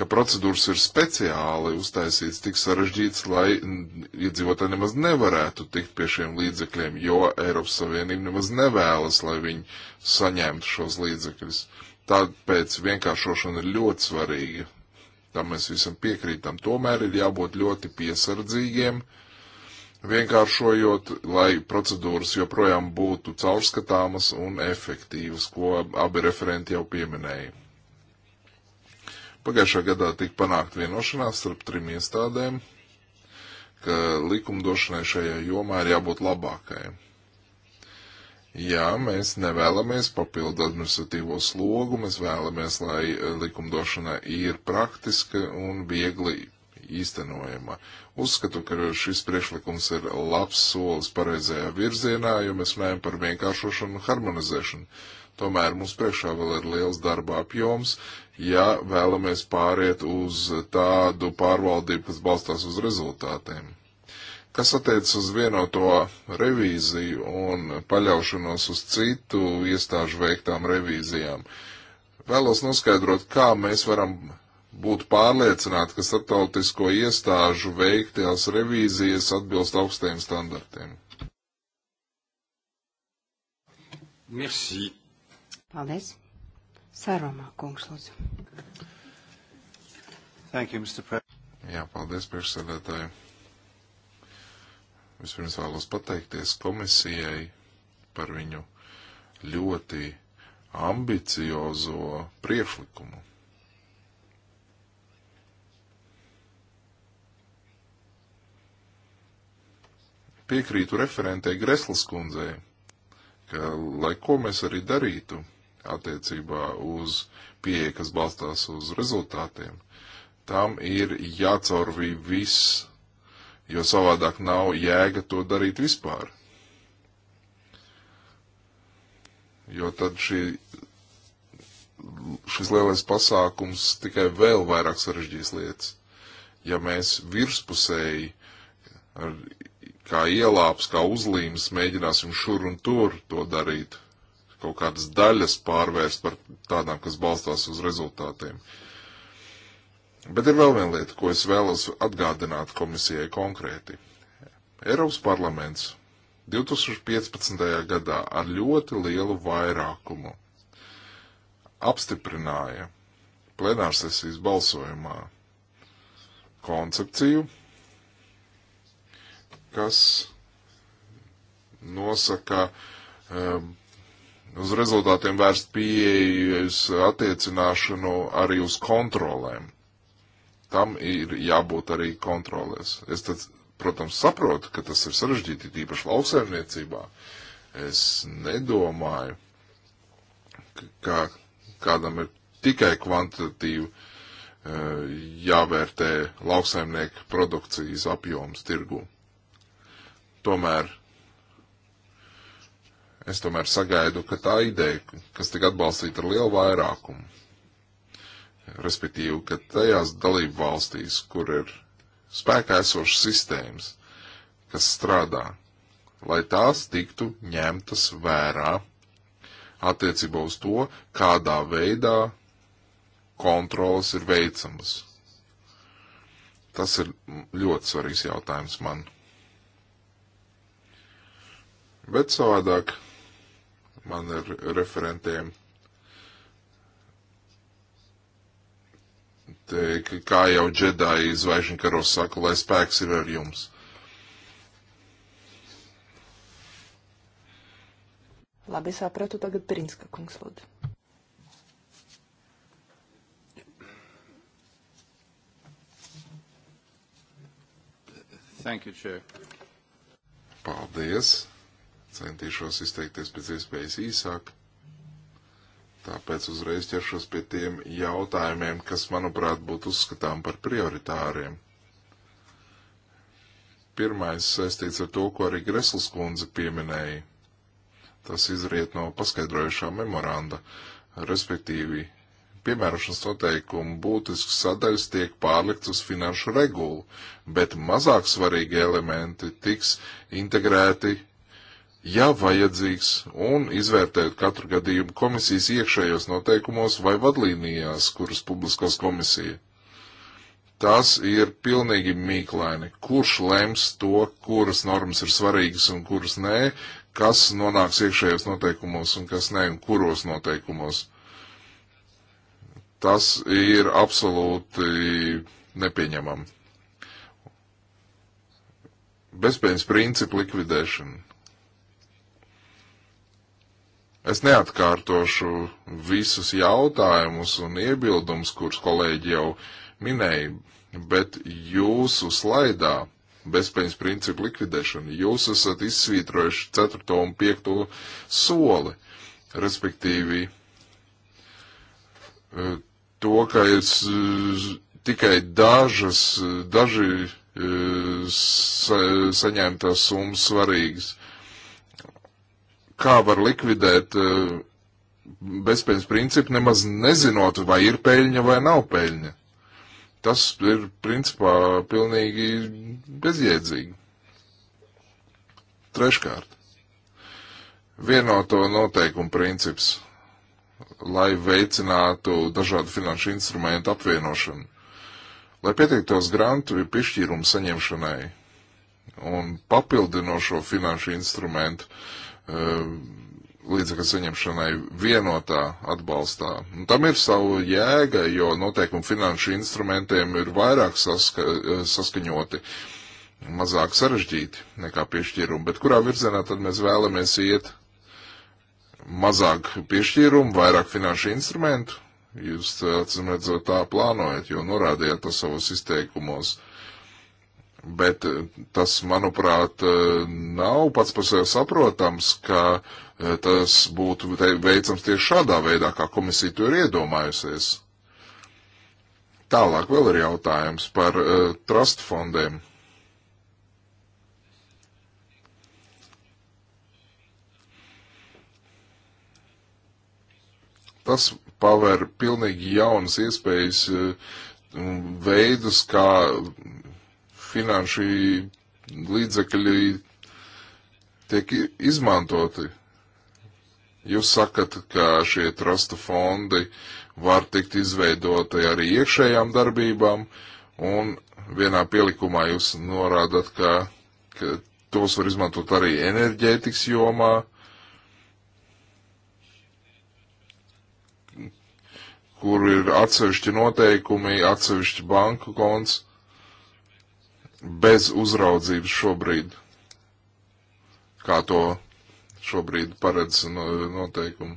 ka procedūras ir speciāli uztaisīts tik sarežģīts, lai iedzīvotāji nemaz nevarētu tikt pie šiem līdzekļiem, jo Eiropas Savienība nemaz nevēlas, lai viņi saņemtu šos līdzekļus. Tāpēc vienkāršošana ir ļoti svarīga. Tam mēs visam piekrītam. Tomēr ir jābūt ļoti piesardzīgiem, vienkāršojot, lai procedūras joprojām būtu caurskatāmas un efektīvas, ko abi referenti jau pieminēja. Pagājušā gadā tika panākt vienošanās starp trim iestādēm, ka likumdošanai šajā jomā ir jābūt labākajai. Jā, mēs nevēlamies papildu administratīvo slogu, mēs vēlamies, lai likumdošana ir praktiska un viegli īstenojama. Uzskatu, ka šis priekšlikums ir labs solis pareizajā virzienā, jo mēs runājam par vienkāršošanu un harmonizēšanu. Tomēr mums priekšā vēl ir liels darba apjoms, ja vēlamies pāriet uz tādu pārvaldību, kas balstās uz rezultātiem. Kas attiecas uz vienoto revīziju un paļaušanos uz citu iestāžu veiktām revīzijām, vēlos noskaidrot, kā mēs varam būtu pārliecināti, ka starptautisko iestāžu veiktās revīzijas atbilst augstajiem standartiem. Merci. Paldies. Saromā, kungs, lūdzu. Thank you, Mr. President. Jā, paldies, priekšsēdētāji. Vispirms vēlos pateikties komisijai par viņu ļoti ambiciozo priekšlikumu. piekrītu referentei Greslas kundzei, ka, lai ko mēs arī darītu attiecībā uz pieeja, kas balstās uz rezultātiem, tam ir jācaurvī viss, jo savādāk nav jēga to darīt vispār. Jo tad šī, šis lielais pasākums tikai vēl vairāk sarežģīs lietas. Ja mēs virspusēji ar kā ielāps, kā uzlīmes, mēģināsim šur un tur to darīt, kaut kādas daļas pārvērst par tādām, kas balstās uz rezultātiem. Bet ir vēl viena lieta, ko es vēlos atgādināt komisijai konkrēti. Eiropas parlaments 2015. gadā ar ļoti lielu vairākumu apstiprināja plenārsesijas balsojumā koncepciju, kas nosaka um, uz rezultātiem vērst pieejas attiecināšanu arī uz kontrolēm. Tam ir jābūt arī kontrolēs. Es tad, protams, saprotu, ka tas ir sarežģīti, tīpaši lauksaimniecībā. Es nedomāju, ka kādam ir tikai kvantitīvi uh, jāvērtē lauksaimnieku produkcijas apjoms tirgū. Tomēr es tomēr sagaidu, ka tā ideja, kas tika atbalstīta ar lielu vairākumu, respektīvi, ka tajās dalību valstīs, kur ir spēkā esošas sistēmas, kas strādā, lai tās tiktu ņemtas vērā attiecībā uz to, kādā veidā kontrolas ir veicamas. Tas ir ļoti svarīgs jautājums man. Bet savādāk man ir referentiem. Te, kā jau Džedāji zvaigžņu karos saka, lai spēks ir ar jums. Labi, sapratu tagad Prinska kungs lūdzu. Thank you, Chair. Paldies. Centīšos izteikties pēc iespējas īsāk. Tāpēc uzreiz ķeršos pie tiem jautājumiem, kas, manuprāt, būtu uzskatām par prioritāriem. Pirmais saistīts ar to, ko arī Gresls kundze pieminēja. Tas izriet no paskaidrojušā memoranda, respektīvi piemērošanas noteikumu būtisks sadaļas tiek pārlikts uz finanšu regulu, bet mazāk svarīgi elementi tiks integrēti ja vajadzīgs, un izvērtējot katru gadījumu komisijas iekšējos noteikumos vai vadlīnijās, kuras publiskos komisija. Tas ir pilnīgi mīklaini. Kurš lems to, kuras normas ir svarīgas un kuras nē, kas nonāks iekšējos noteikumos un kas nē, un kuros noteikumos. Tas ir absolūti nepieņemami. Bezpējas principu likvidēšana Es neatkārtošu visus jautājumus un iebildumus, kurus kolēģi jau minēja, bet jūsu slaidā bezpējas principu likvidēšana, jūs esat izsvītrojuši 4. un 5. soli, respektīvi e, to, ka ir tikai dažas, daži e, sa, saņemtās summas svarīgas kā var likvidēt eh, bezpējas principu, nemaz nezinot, vai ir peļņa vai nav peļņa. Tas ir principā pilnīgi bezjēdzīgi. Treškārt, vienoto noteikumu princips, lai veicinātu dažādu finanšu instrumentu apvienošanu, lai pieteiktos grantu piešķīrumu saņemšanai un papildinošo finanšu instrumentu uh, Ehm, līdzekļu saņemšanai vienotā atbalstā. Un tam ir sava jēga, jo noteikumi finanšu instrumentiem ir vairāk saska, saskaņoti, mazāk sarežģīti nekā piešķīrumi, bet kurā virzienā tad mēs vēlamies iet mazāk piešķīrumu, vairāk finanšu instrumentu? Jūs, atcīm redzot, tā plānojat, jo norādījāt to savos izteikumos. Uh, Bet eh, tas, manuprāt, eh, nav pats par sevi saprotams, ka eh, tas būtu veicams tieši šādā veidā, kā komisija to ir iedomājusies. Tālāk vēl ir jautājums par uh, trust fondiem. Tas paver pilnīgi jaunas iespējas un uh, veidus, kā finanšu līdzekļi tiek izmantoti. Jūs sakat, ka šie trusta fondi var tikt izveidoti arī iekšējām darbībām, un vienā pielikumā jūs norādat, ka, ka tos var izmantot arī enerģētikas jomā. kur ir atsevišķi noteikumi, atsevišķi banku konts bez uzraudzības šobrīd, kā to šobrīd paredz noteikumi,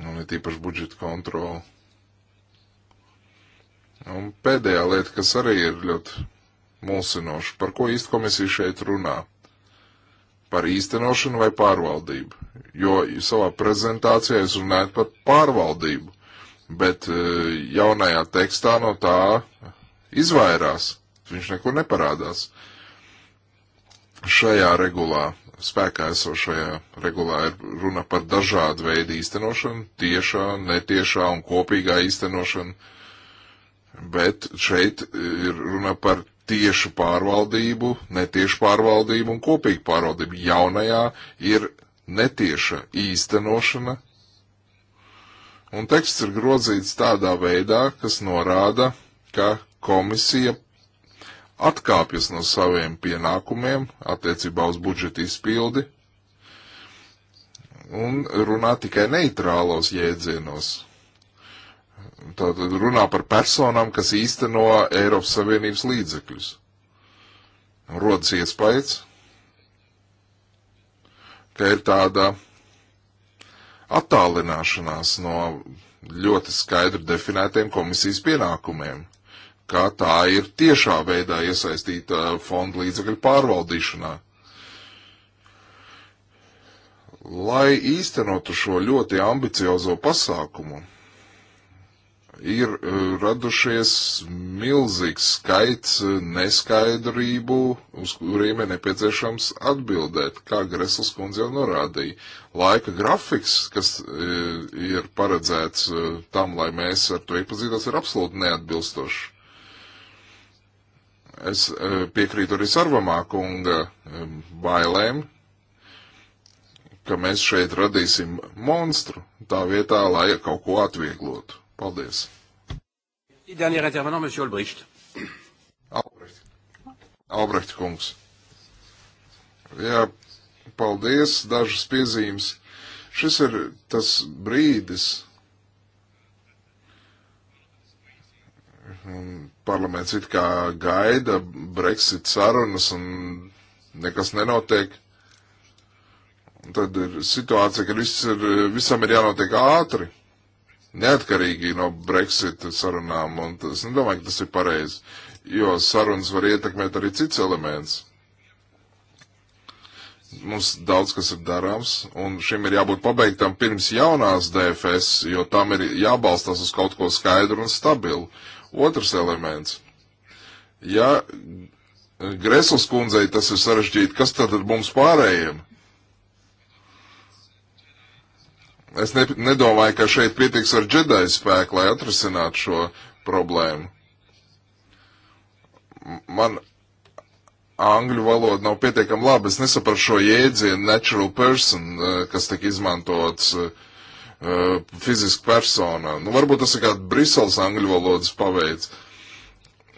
un ir tīpaši budžeta kontrola. Un pēdējā lieta, kas arī ir ļoti mulsinoša, par ko īsti komisija šeit runā - par īstenošanu vai pārvaldību. Jo savā prezentācijā jūs runājat par pārvaldību, bet eh, jaunajā tekstā no tā izvairās. Viņš nekur neparādās. Šajā regulā, spēkā esošajā regulā ir runa par dažādu veidu īstenošanu, tiešā, netiešā un kopīgā īstenošanu, bet šeit ir runa par tiešu pārvaldību, netiešu pārvaldību un kopīgu pārvaldību. Jaunajā ir netieša īstenošana, un teksts ir grozīts tādā veidā, kas norāda, ka komisija atkāpjas no saviem pienākumiem attiecībā uz budžeta izpildi un runā tikai neitrālos jēdzienos. Tātad runā par personām, kas īsteno Eiropas Savienības līdzekļus. Rodas iespējas, ka ir tāda attālināšanās no ļoti skaidri definētiem komisijas pienākumiem ka tā ir tiešā veidā iesaistīta fonda līdzekļu pārvaldīšanā. Lai īstenotu šo ļoti ambiciozo pasākumu, ir e, radušies milzīgs skaits neskaidrību, uz kuriem ir nepieciešams atbildēt, kā Gresls kundze jau norādīja. Laika grafiks, kas e, ir paredzēts e, tam, lai mēs ar to iepazītos, ir absolūti neatbilstošs. Es eh, piekrītu arī Sarvamā kunga eh, bailēm, ka mēs šeit radīsim monstru tā vietā, lai kaut ko atvieglotu. Paldies. Albrecht. Albrecht kungs. Jā, paldies, dažas piezīmes. Šis ir tas brīdis. Un parlaments it kā gaida Brexit sarunas un nekas nenotiek. Tad ir situācija, ka viss ir, visam ir jānotiek ātri, neatkarīgi no Brexit sarunām, un es nedomāju, nu, ka tas ir pareizi, jo sarunas var ietekmēt arī cits elements. Mums daudz kas ir darāms, un šim ir jābūt pabeigtam pirms jaunās DFS, jo tam ir jābalstās uz kaut ko skaidru un stabilu. Otrs elements. Ja Gresls kundzei tas ir sarežģīti, kas tad ar mums pārējiem? Es ne, nedomāju, ka šeit pietiks ar džedāju spēku, lai atrisinātu šo problēmu. Man angļu valoda nav pietiekami laba. Es nesapratu šo jēdzienu natural person, eh, kas tika izmantots uh, uh, eh, fiziska persona. Nu, varbūt tas ir kāds Briseles angļu valodas paveids.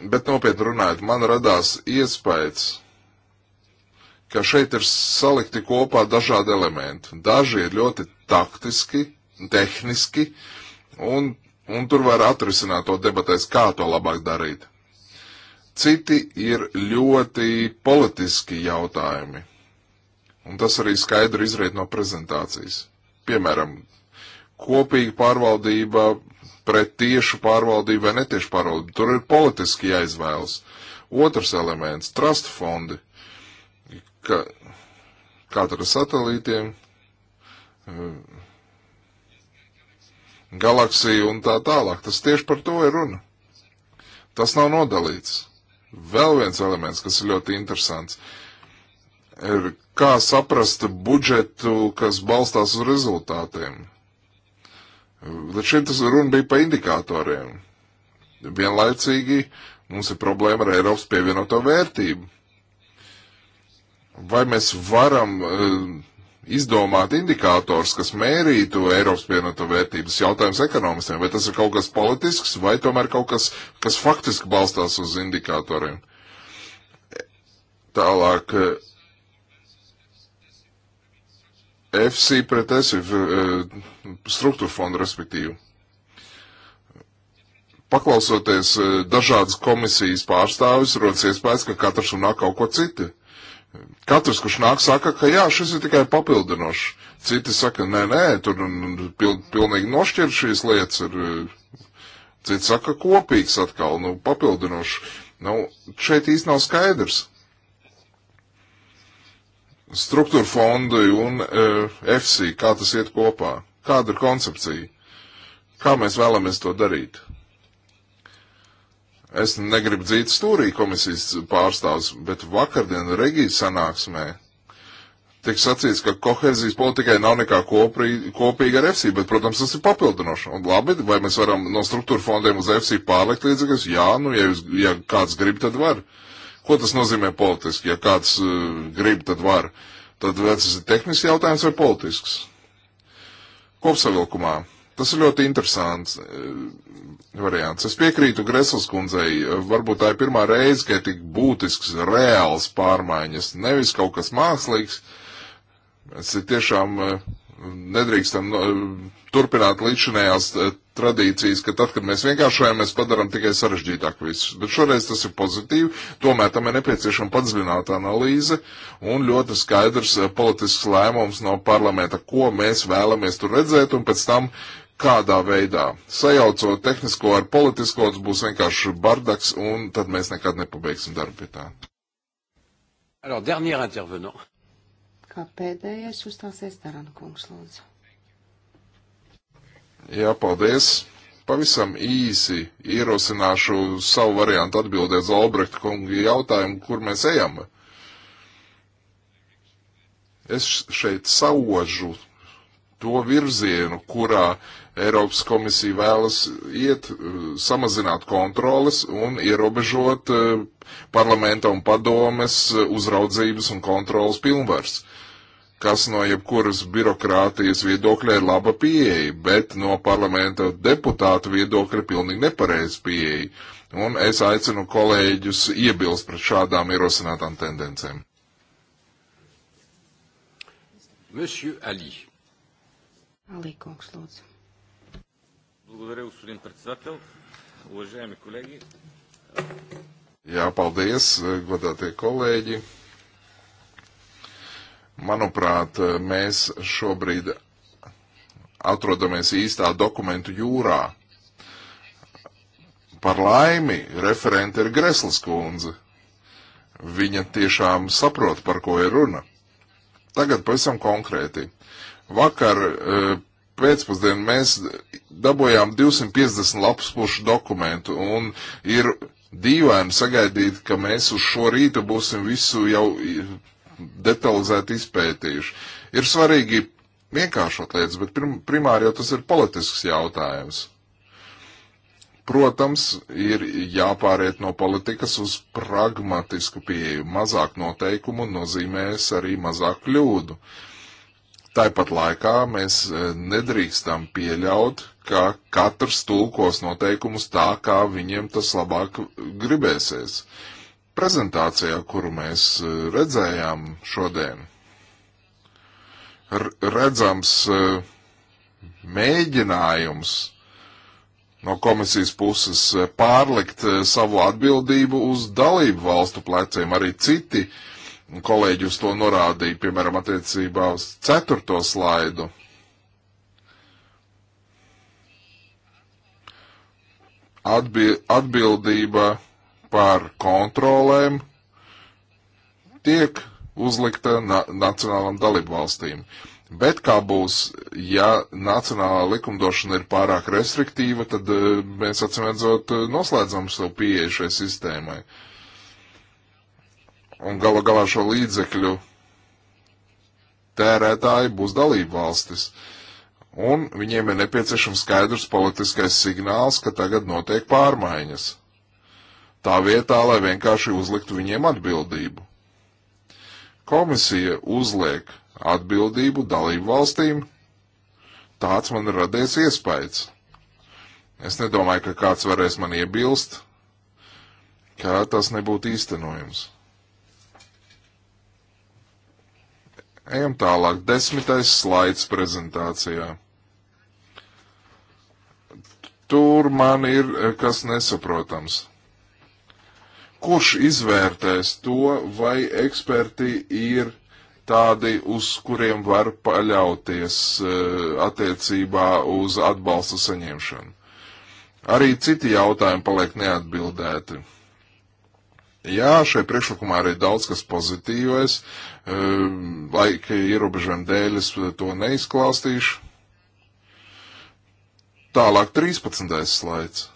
Bet nopietni runājot, man radās iespējas, ka šeit ir salikti kopā dažādi elementi. Daži ir ļoti taktiski, tehniski, un, un tur var atrisināt to debatēs, kā to labāk darīt. Citi ir ļoti politiski jautājumi, un tas arī skaidri izriet no prezentācijas. Piemēram, kopīga pārvaldība pret tiešu pārvaldību vai netiešu pārvaldību. Tur ir politiski jāizvēlas. Otrs elements - trust fondi. Ka, kā tur ar satelītiem, eh, galaksiju un tā tālāk. Tas tieši par to ir runa. Tas nav nodalīts. Vēl viens elements, kas ir ļoti interesants, ir kā saprast budžetu, kas balstās uz rezultātiem Līdz šim tas runa bija par indikatoriem. Vienlaicīgi mums ir problēma ar Eiropas pievienoto vērtību. Vai mēs varam uh, izdomāt indikātors, kas mērītu Eiropas pievienoto vērtības jautājums ekonomistiem? Vai tas ir kaut kas politisks, vai tomēr kaut kas, kas faktiski balstās uz indikatoriem? Tālāk. Uh, FC pret ESIF eh, struktūra fondu respektīvi. Paklausoties eh, dažādas komisijas pārstāvis, rodas iespējas, ka katrs runā kaut ko citu. Katrs, kurš nāk, saka, ka jā, šis ir tikai papildinošs. Citi saka, nē, nē, tur pil, pilnīgi nošķir šīs lietas. Ir, eh, citi saka, kopīgs atkal, nu, papildinošs. Nu, šeit īsti nav skaidrs struktūra fondi un e, FC, kā tas iet kopā? Kāda ir koncepcija? Kā mēs vēlamies to darīt? Es negribu dzīt stūrī komisijas pārstāvs, bet vakardien Regijas sanāksmē tiek sacīts, ka kohēzijas politikai nav nekā koprī, kopīga ar FC, bet, protams, tas ir papildinoši. Un labi, vai mēs varam no struktūra fondiem uz FC pārlikt līdzekļus? Jā, nu, ja, jūs, ja kāds grib, tad var. Uh, Ko tas nozīmē politiski? Ja kāds uh, grib, tad var. Tad vai tas ir tehnisks jautājums vai politisks? Kopsavilkumā. Tas ir ļoti interesants uh, variants. Es piekrītu Gresls kundzei, varbūt tā ir pirmā reize, ka ir tik būtisks, reāls pārmaiņas, nevis kaut kas mākslīgs. Mēs tiešām uh, nedrīkstam turpināt līdzinējās tradīcijas, ka tad, kad mēs vienkāršojam, mēs padaram tikai sarežģītāk visu. Bet šoreiz tas ir pozitīvi, tomēr tam ir nepieciešama padziļināta analīze un ļoti skaidrs eh, politisks lēmums no parlamenta, ko mēs vēlamies tur redzēt un pēc tam kādā veidā. Sajaucot tehnisko ar politisko, tas būs vienkārši bardaks un tad mēs nekad nepabeigsim darbu pie tā. Alors, dernier intervenant. Kā pēdējais uzstāsies Darana kungs, lūdzu. Jā, paldies. Pavisam īsi ierosināšu savu variantu atbildēt uz Albrehta kungu jautājumu, kur mēs ejam. Es šeit saužu to virzienu, kurā Eiropas komisija vēlas iet, eh, samazināt kontroles un ierobežot eh, parlamenta un padomes eh, uzraudzības un kontroles pilnvars kas no jebkuras birokrātijas viedokļa ir laba pieeja, bet no parlamenta deputāta viedokļa ir pilnīgi nepareiza pieeja. Un es aicinu kolēģus iebilst pret šādām ierosinātām tendencēm. Monsieur Ali. Ali Kungs, lūdzu. Благодаря, господин председател. Уважаеми колеги. Jā, paldies, godātie kolēģi. Manuprāt, eh, mēs šobrīd atrodamies īstā dokumentu jūrā. Par laimi referente ir Greslas kundze. Viņa tiešām saprot, par ko ir runa. Tagad pavisam konkrēti. Vakar eh, pēcpusdienā mēs dabūjām 250 lapspušu dokumentu un ir dīvaini sagaidīt, ka mēs uz šo rītu būsim visu jau detalizēti izpētījuši. Ir svarīgi vienkāršot lietas, bet prim, primāri jau tas ir politisks jautājums. Protams, ir jāpāriet no politikas uz pragmatisku pieeju. Mazāk noteikumu nozīmēs arī mazāk kļūdu. Tāpat laikā mēs e, nedrīkstam pieļaut, ka katrs tulkos noteikumus tā, kā viņiem tas labāk gribēsies. Uh, prezentācijā, kuru mēs eh, redzējām šodien, redzams eh, mēģinājums no komisijas puses eh, pārlikt savu atbildību uz dalību valstu pleciem. Arī citi kolēģi uz to norādīja, piemēram, attiecībā uz ceturto slaidu. Atbi atbildība par kontrolēm tiek uzlikta na nacionālām dalībvalstīm. Bet kā būs, ja nacionālā likumdošana ir pārāk restriktīva, tad eh, mēs atsimredzot eh, noslēdzam savu pieeju šai sistēmai. Un gala galā šo līdzekļu tērētāji būs dalību valstis. Un viņiem ir nepieciešams skaidrs politiskais signāls, ka tagad notiek pārmaiņas tā vietā, lai vienkārši uzliktu viņiem atbildību. Komisija uzliek atbildību dalību valstīm. Tāds man ir radies iespējas. Es nedomāju, ka kāds varēs man iebilst, ka tas nebūtu īstenojams. Ejam tālāk. Desmitais slaids prezentācijā. Tur man ir eh, kas nesaprotams kurš izvērtēs to, vai eksperti ir tādi, uz kuriem var paļauties eh, attiecībā uz atbalsta saņemšanu. Arī citi jautājumi paliek neatbildēti. Jā, šai priekšlikumā arī daudz kas pozitīvais, eh, laika ierobežojumu dēļ es to neizklāstīšu. Tālāk 13. slaids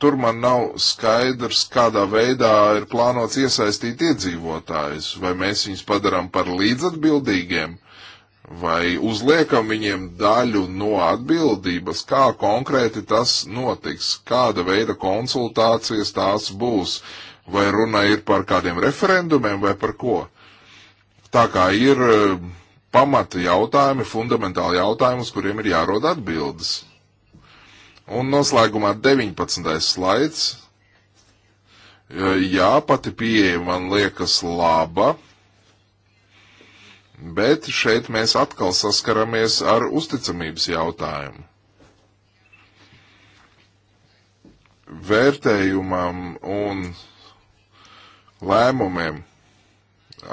tur man nav skaidrs, kādā veidā ir plānots iesaistīt iedzīvotājus, vai mēs viņus padarām par līdzatbildīgiem, vai uzliekam viņiem daļu no atbildības, kā konkrēti tas notiks, kāda veida konsultācijas tās būs, vai runa ir par kādiem referendumiem vai par ko. Tā kā ir eh, pamata jautājumi, fundamentāli jautājumi, uz kuriem ir jārod atbildes. Un noslēgumā 19. slaids. Jā, pati pieeja man liekas laba, bet šeit mēs atkal saskaramies ar uzticamības jautājumu. Vērtējumam un lēmumiem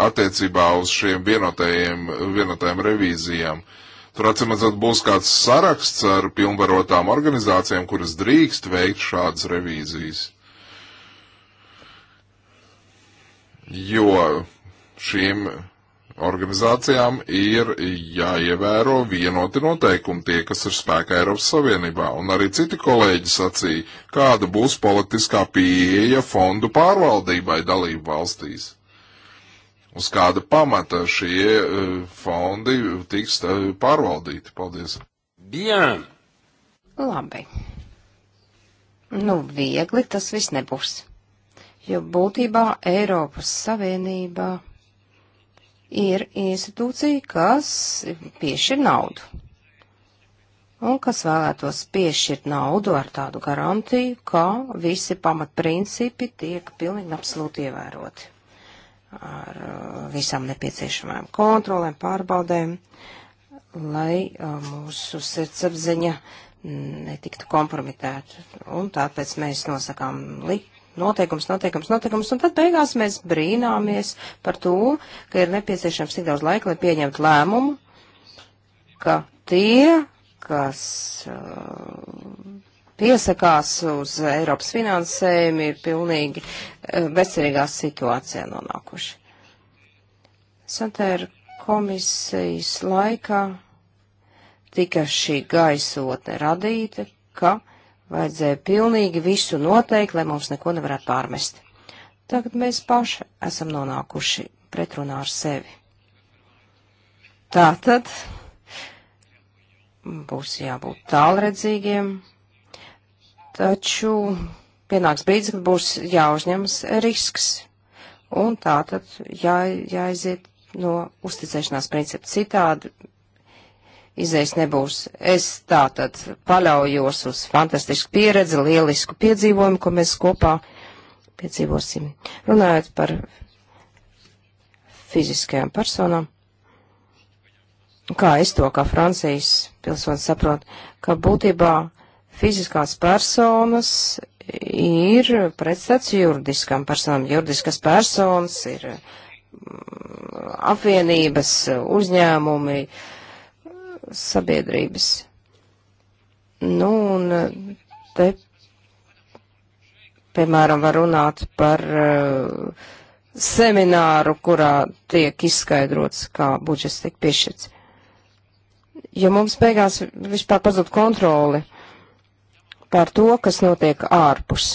attiecībā uz šiem vienotajiem, vienotajiem revīzijām uh, Tur atcīmredzot būs kāds saraksts ar pilnvarotām organizācijām, kuras drīkst veikt šādas revīzijas. Jo šīm organizācijām ir jāievēro vienoti noteikumi, tie, kas ir spēkā Eiropas Savienībā. Un arī citi kolēģi sacīja, kāda būs politiskā pieeja fondu pārvaldībai dalību valstīs uz kāda pamata šie e, fondi tiks e, pārvaldīti. Paldies! Bien. Labi. Nu, viegli tas viss nebūs, jo būtībā Eiropas Savienībā ir institūcija, kas piešķir naudu. Un kas vēlētos piešķirt naudu ar tādu garantiju, ka visi pamatprincipi tiek pilnīgi absolūti ievēroti ar uh, visām nepieciešamām kontrolēm, pārbaudēm, lai uh, mūsu sirdsapziņa netiktu kompromitēta. Un tāpēc mēs nosakām likt noteikums, noteikums, noteikums, un tad beigās mēs brīnāmies par to, ka ir nepieciešams tik daudz laika, lai pieņemtu lēmumu, ka tie, kas uh, piesakās uz Eiropas finansējumu, ir pilnīgi eh, bezcerīgā situācijā nonākuši. Santēra komisijas laikā tika šī gaisotne radīta, ka vajadzēja pilnīgi visu noteikt, lai mums neko nevarētu pārmest. Tagad mēs paši esam nonākuši pretrunā ar sevi. Tātad būs jābūt tālredzīgiem Taču pienāks brīdis, kad būs jāuzņemas risks, un tā tad jā, jāiziet no uzticēšanās principa citādi. Izējas nebūs. Es tā tad paļaujos uz fantastisku pieredzi, lielisku piedzīvojumu, ko mēs kopā piedzīvosim. Runājot par fiziskajām personām, kā es to kā Francijas pilsonis saprotu, ka būtībā Fiziskās personas ir pretstats juridiskam personam. Juridiskas personas ir mm, apvienības, uzņēmumi, sabiedrības. Nu, un te, piemēram, var runāt par uh, semināru, kurā tiek izskaidrots, kā budžets tiek piešķirts. Jo mums beigās vispār pazūd kontroli par to, kas notiek ārpus.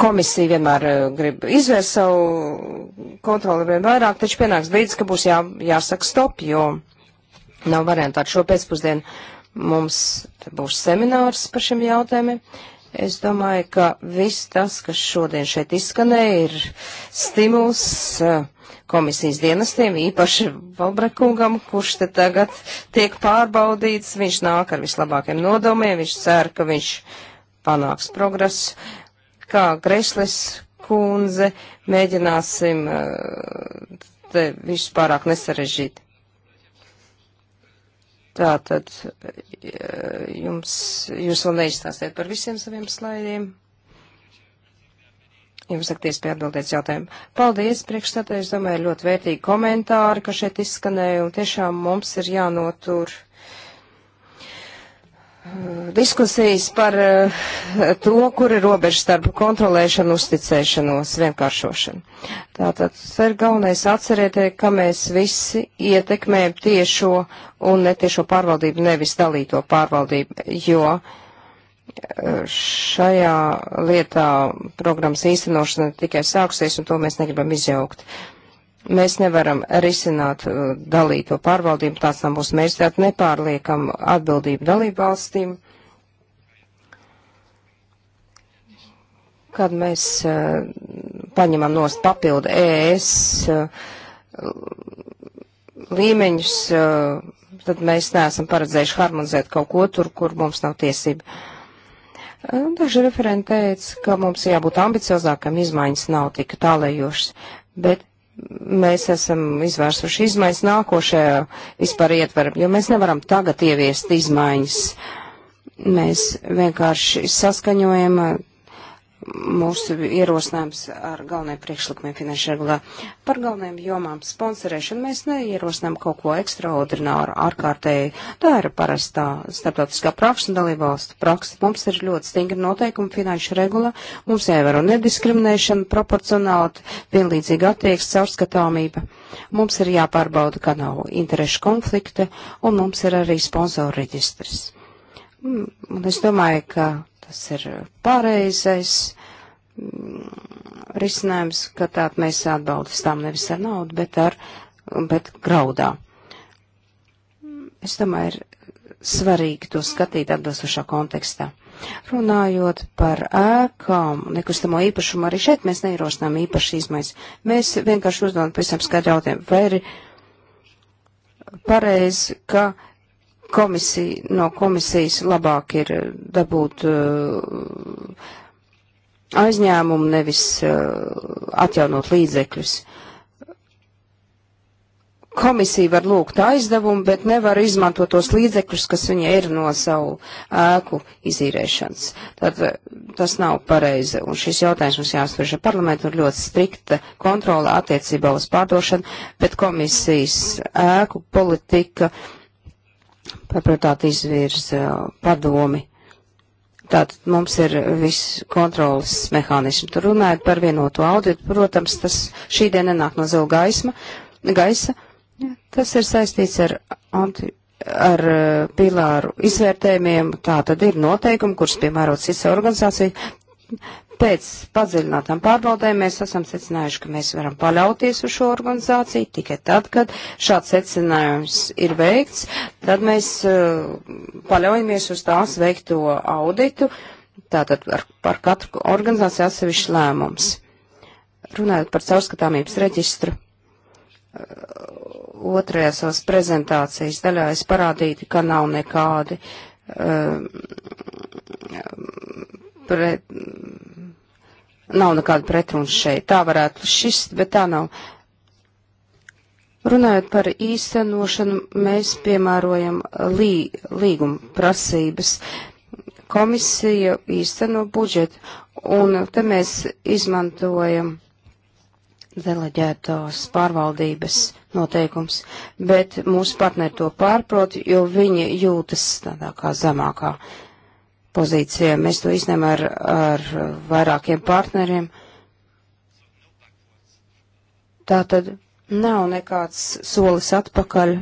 Komisija vienmēr eh, grib izvērst savu kontroli vien vairāk, taču pienāks brīdis, ka būs jā, jāsaka stop, jo nav variantu ar šo pēcpusdienu. Mums būs seminārs par šiem jautājumiem. Es domāju, ka viss tas, kas šodien šeit izskanēja, ir stimuls. Uh, komisijas dienestiem, īpaši Valbrekungam, kurš te tagad tiek pārbaudīts. Viņš nāk ar vislabākiem nodomiem, viņš cer, ka viņš panāks progresu. Kā Greslis kundze, mēģināsim eh, te visu pārāk nesarežģīt. Tātad eh, jums, jūs vēl neizstāstiet par visiem saviem slaidiem jums akties pie atbildētas jautājumu. Paldies, priekšstādā, es domāju, ļoti vērtīgi komentāri, ka šeit izskanēja, un tiešām mums ir jānotur eh, diskusijas par eh, to, kur ir robeža starp kontrolēšanu, uzticēšanos, vienkāršošanu. Tātad ir galvenais atcerēties, ka mēs visi ietekmējam tiešo un netiešo pārvaldību, nevis dalīto pārvaldību, jo uh, šajā lietā programmas īstenošana tikai sāksies, un to mēs negribam izjaukt. Mēs nevaram risināt uh, dalīto pārvaldību, tāds nav mūsu mērķis, tātad nepārliekam atbildību dalību valstīm. Kad mēs uh, paņemam nost papildu ES uh, līmeņus, uh, tad mēs neesam paredzējuši harmonizēt kaut ko tur, kur mums nav tiesība. Uh, Daži referenti teica, ka mums jābūt ambiciozākam, izmaiņas nav tik tālējošas, bet mēs esam izvērsuši izmaiņas nākošajā vispār ietveram, jo mēs nevaram tagad ieviest izmaiņas. Mēs vienkārši saskaņojam mūsu ierosinājums ar galvenajiem priekšlikumiem finanšu regulā. Par galvenajām jomām sponsorēšanu mēs neierosinām kaut ko ekstraordināru, ārkārtēji. Tā ir parastā starptautiskā praksa un dalībvalstu praksa. Mums ir ļoti stingri noteikumi finanšu regulā. Mums jāievēro nediskriminēšana, proporcionāli, vienlīdzīga attieksme, caurskatāmība. Mums ir jāpārbauda, ka nav interešu konflikta, un mums ir arī sponsoru reģistrs. Mm, un es domāju, ka Tas ir pareizais mm, risinājums, ka tā mēs atbalstām nevis ar naudu, bet ar bet graudā. Es domāju, ir svarīgi to skatīt atbilstošā kontekstā. Runājot par ēkām, nekustamo īpašumu, arī šeit mēs neierosinām īpaši izmaiņas. Mēs vienkārši uzdodam pēc tam skaidru jautājumu, vai ir pareizi, ka komisija, no komisijas labāk ir eh, dabūt uh, aizņēmumu, nevis uh, atjaunot līdzekļus. Komisija var lūgt aizdevumu, bet nevar izmantot tos līdzekļus, kas viņa ir no savu ēku izīrēšanas. Tad tas nav pareizi, un šis jautājums mums jāspriež ar parlamentu, un ļoti strikta kontrola attiecībā uz pārdošanu, bet komisijas ēku politika uh, paprātāt izvirza padomi. Tātad mums ir viss kontrolas mehānismi. Tur runājot par vienotu auditu, protams, tas šī diena nenāk no zila gaisma, gaisa. Tas ir saistīts ar, anti, ar eh, pīlāru izvērtējumiem. Tā tad ir noteikumi, kurus piemērot cits organizācija. Pēc padziļinātām pārbaudēm mēs esam secinājuši, ka mēs varam paļauties uz šo organizāciju tikai tad, kad šāds secinājums ir veikts, tad mēs uh, paļaujamies uz tās veikto auditu, tātad ar, par katru organizāciju atsevišķi lēmums. Runājot par caurskatāmības reģistru, uh, otrajā savas prezentācijas daļā es parādīju, ka nav nekādi uh, eh, pret, Nav nekāda pretruna šeit. Tā varētu šis, bet tā nav. Runājot par īstenošanu, mēs piemērojam lī, līguma prasības. Komisija īsteno budžetu, un te mēs izmantojam deleģētās pārvaldības noteikums, bet mūsu partneri to pārprot, jo viņi jūtas tādā kā zemākā uh, pozīcijām. Mēs to iznēm ar, ar vairākiem partneriem. Tā tad nav nekāds solis atpakaļ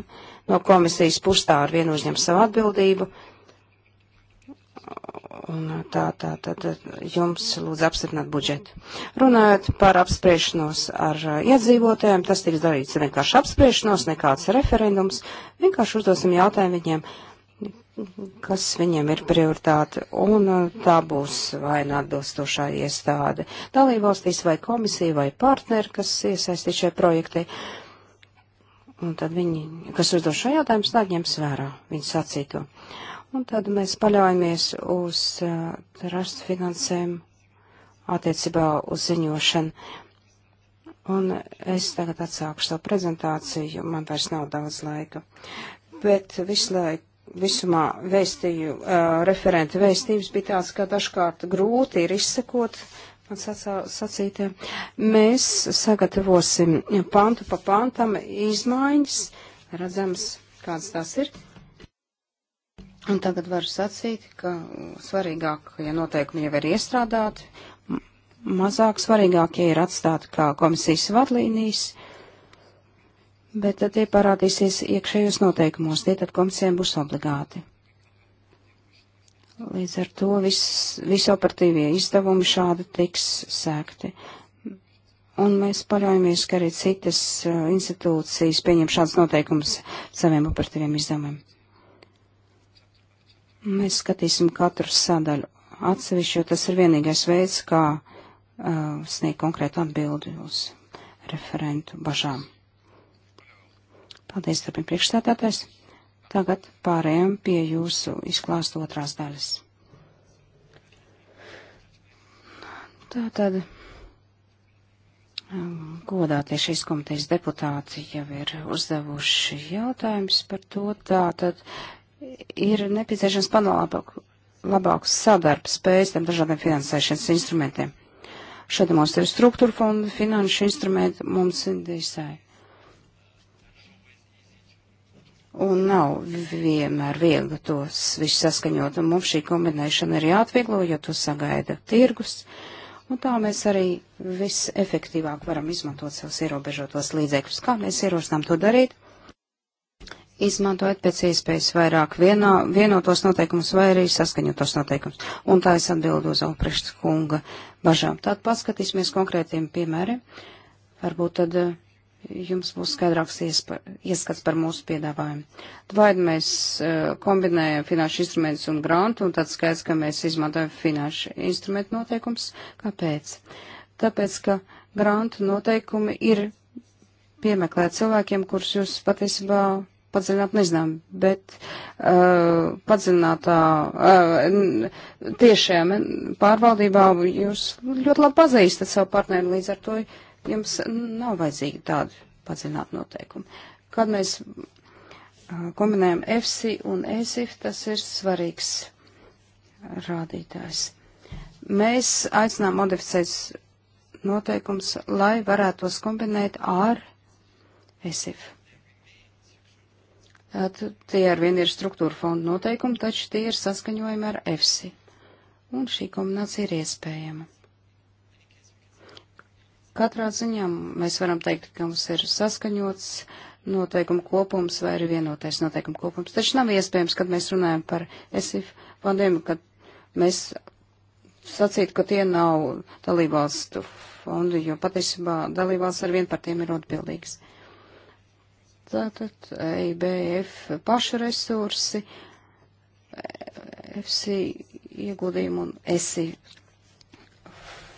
no komisijas pustā ar vienu uzņem savu atbildību. Un tā, tā, tā, tā, jums lūdzu apstiprināt budžetu. Runājot par apspriešanos ar uh, iedzīvotājiem, tas tiks darīts vienkārši apspriešanos, nekāds referendums. Vienkārši uzdosim jautājumu viņiem, kas viņiem ir prioritāte, un uh, tā būs vai nu atbilstošā iestāde dalībvalstīs vai komisija vai partneri, kas iesaistīt šai projektē. Un tad viņi, kas uzdos šo jautājumu, tad ņems vērā viņu sacīto. Un tad mēs paļaujamies uz uh, trust finansēm attiecībā uz ziņošanu. Un es tagad atsāku savu prezentāciju, man vairs nav daudz laika. Bet visu laiku visumā vēstīju, uh, referenta vēstījums bija tāds, ka dažkārt grūti ir izsekot man sacītiem. Mēs sagatavosim pantu pa pantam izmaiņas, redzams, kādas tās ir. Un tagad varu sacīt, ka svarīgākie ja noteikumi jau ir iestrādāti, mazāk svarīgākie ja ir atstāti kā komisijas vadlīnijas bet tad tie parādīsies iekšējos noteikumos, tie tad komisijām būs obligāti. Līdz ar to viss, visi operatīvie izdevumi šādi tiks sēgti. Un mēs paļaujamies, ka arī citas uh, institūcijas pieņem šādas noteikumus saviem operatīviem izdevumiem. Mēs skatīsim katru sadaļu atsevišķi, jo tas ir vienīgais veids, kā uh, sniegt konkrētu atbildi uz referentu bažām. Paldies, turpin priekšstādātais. Tagad pārējām pie jūsu izklāstu otrās daļas. Tātad, um, godātie šīs komitejas deputāti jau ir uzdevuši jautājumus par to, tātad ir nepieciešams panākt labāks sadarbs spējas tam dažādiem finansēšanas instrumentiem. Šeit mums ir struktūra fonda, finanšu instrumenti, mums ir DSI. un nav vienmēr viegli tos visus saskaņot, un mums šī kombinēšana ir jāatvieglo, jo to sagaida tirgus, un tā mēs arī visefektīvāk varam izmantot savus ierobežotos līdzekļus. Kā mēs ierosinām to darīt? Izmantojot pēc iespējas vairāk vienā, vienotos noteikumus vai arī saskaņotos noteikumus. Un tā es atbildu uz Alprešta kunga bažām. Tad paskatīsimies konkrētiem piemēriem. Varbūt tad uh, jums būs skaidrāks iespa, ieskats par mūsu piedāvājumu. Tvaid mēs e, kombinējam finanšu instrumentus un grantu, un tad skaidrs, ka mēs izmantojam finanšu instrumentu noteikums. Kāpēc? Tāpēc, ka grantu noteikumi ir piemeklēt cilvēkiem, kurus jūs patiesībā padziļināt nezinām, bet uh, padziļinātā uh, tiešajā pārvaldībā jūs ļoti labi pazīstat savu partneri, līdz ar to Jums nav vajadzīgi tādi padziļināti noteikumi. Kad mēs kombinējam EFSI un ESIF, tas ir svarīgs rādītājs. Mēs aicinām modificēt noteikums, lai varētu tos kombinēt ar ESIF. Tātad tie ar vienu ir struktūra fonda noteikumi, taču tie ir saskaņojumi ar EFSI. Un šī kombinācija ir iespējama. Katrā ziņā mēs varam teikt, ka mums ir saskaņots noteikumu kopums vai ir vienotais noteikumu kopums. Taču nav iespējams, kad mēs runājam par ESIF fondiem, kad mēs sacītu, ka tie nav dalībvalstu fondi, jo patiesībā dalībvalsts ar vien par tiem ir atbildīgs. Tātad EIBF pašu resursi, e FC ieguldījumu un ESI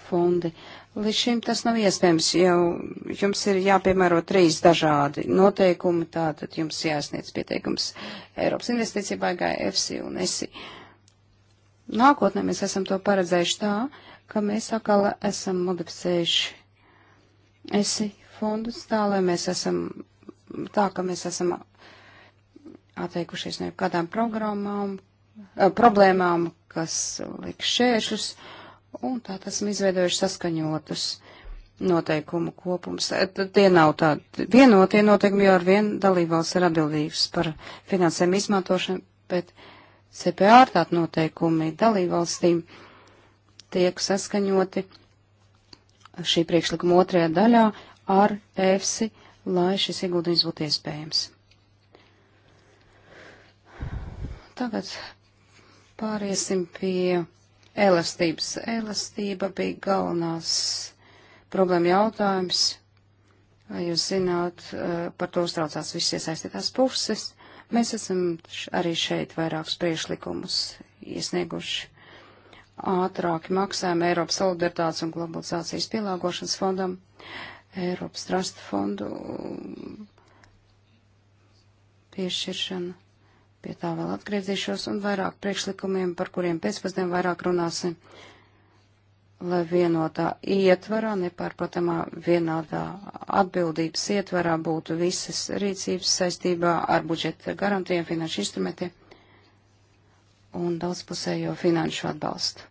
fondi. Uh, Līdz šim tas nav iespējams, jau jums ir jāpiemēro trīs dažādi noteikumi, tātad jums jāsniedz pieteikums Eiropas investīcija baigā EFSI un ESI. Nākotnē mēs esam to paredzējuši tā, ka mēs atkal esam modificējuši ESI fondus tā, lai mēs esam, tā, ka mēs esam atteikušies no kādām programmām, eh, problēmām, kas liek šķēršus. Uh, un tā esam izveidojuši saskaņotus noteikumu kopums. Tie nav tādi vienotie noteikumi, jo ar vienu dalībvalsts ir atbildīgs par finansēm izmantošanu, bet CPR tādi noteikumi dalībvalstīm tiek saskaņoti šī priekšlikuma otrajā daļā ar EFSI, lai šis ieguldījums būtu iespējams. Tagad pāriesim pie elastības. Elastība bija galvenās problēma jautājums. Jūs zināt, eh, par to uztraucās visas iesaistītās puses. Mēs esam arī šeit vairākus priešlikumus iesnieguši ātrāki maksājumi Eiropas solidaritātes un globalizācijas pielāgošanas fondam, Eiropas trust fondu piešķiršana. Pie tā vēl atgriezīšos un vairāk priekšlikumiem, par kuriem pēcpusdien vairāk runāsim, lai vienotā ietvarā, nepārprotamā vienādā atbildības ietvarā būtu visas rīcības saistībā ar budžeta garantiem, finanšu instrumentiem un daudzpusējo finanšu atbalstu.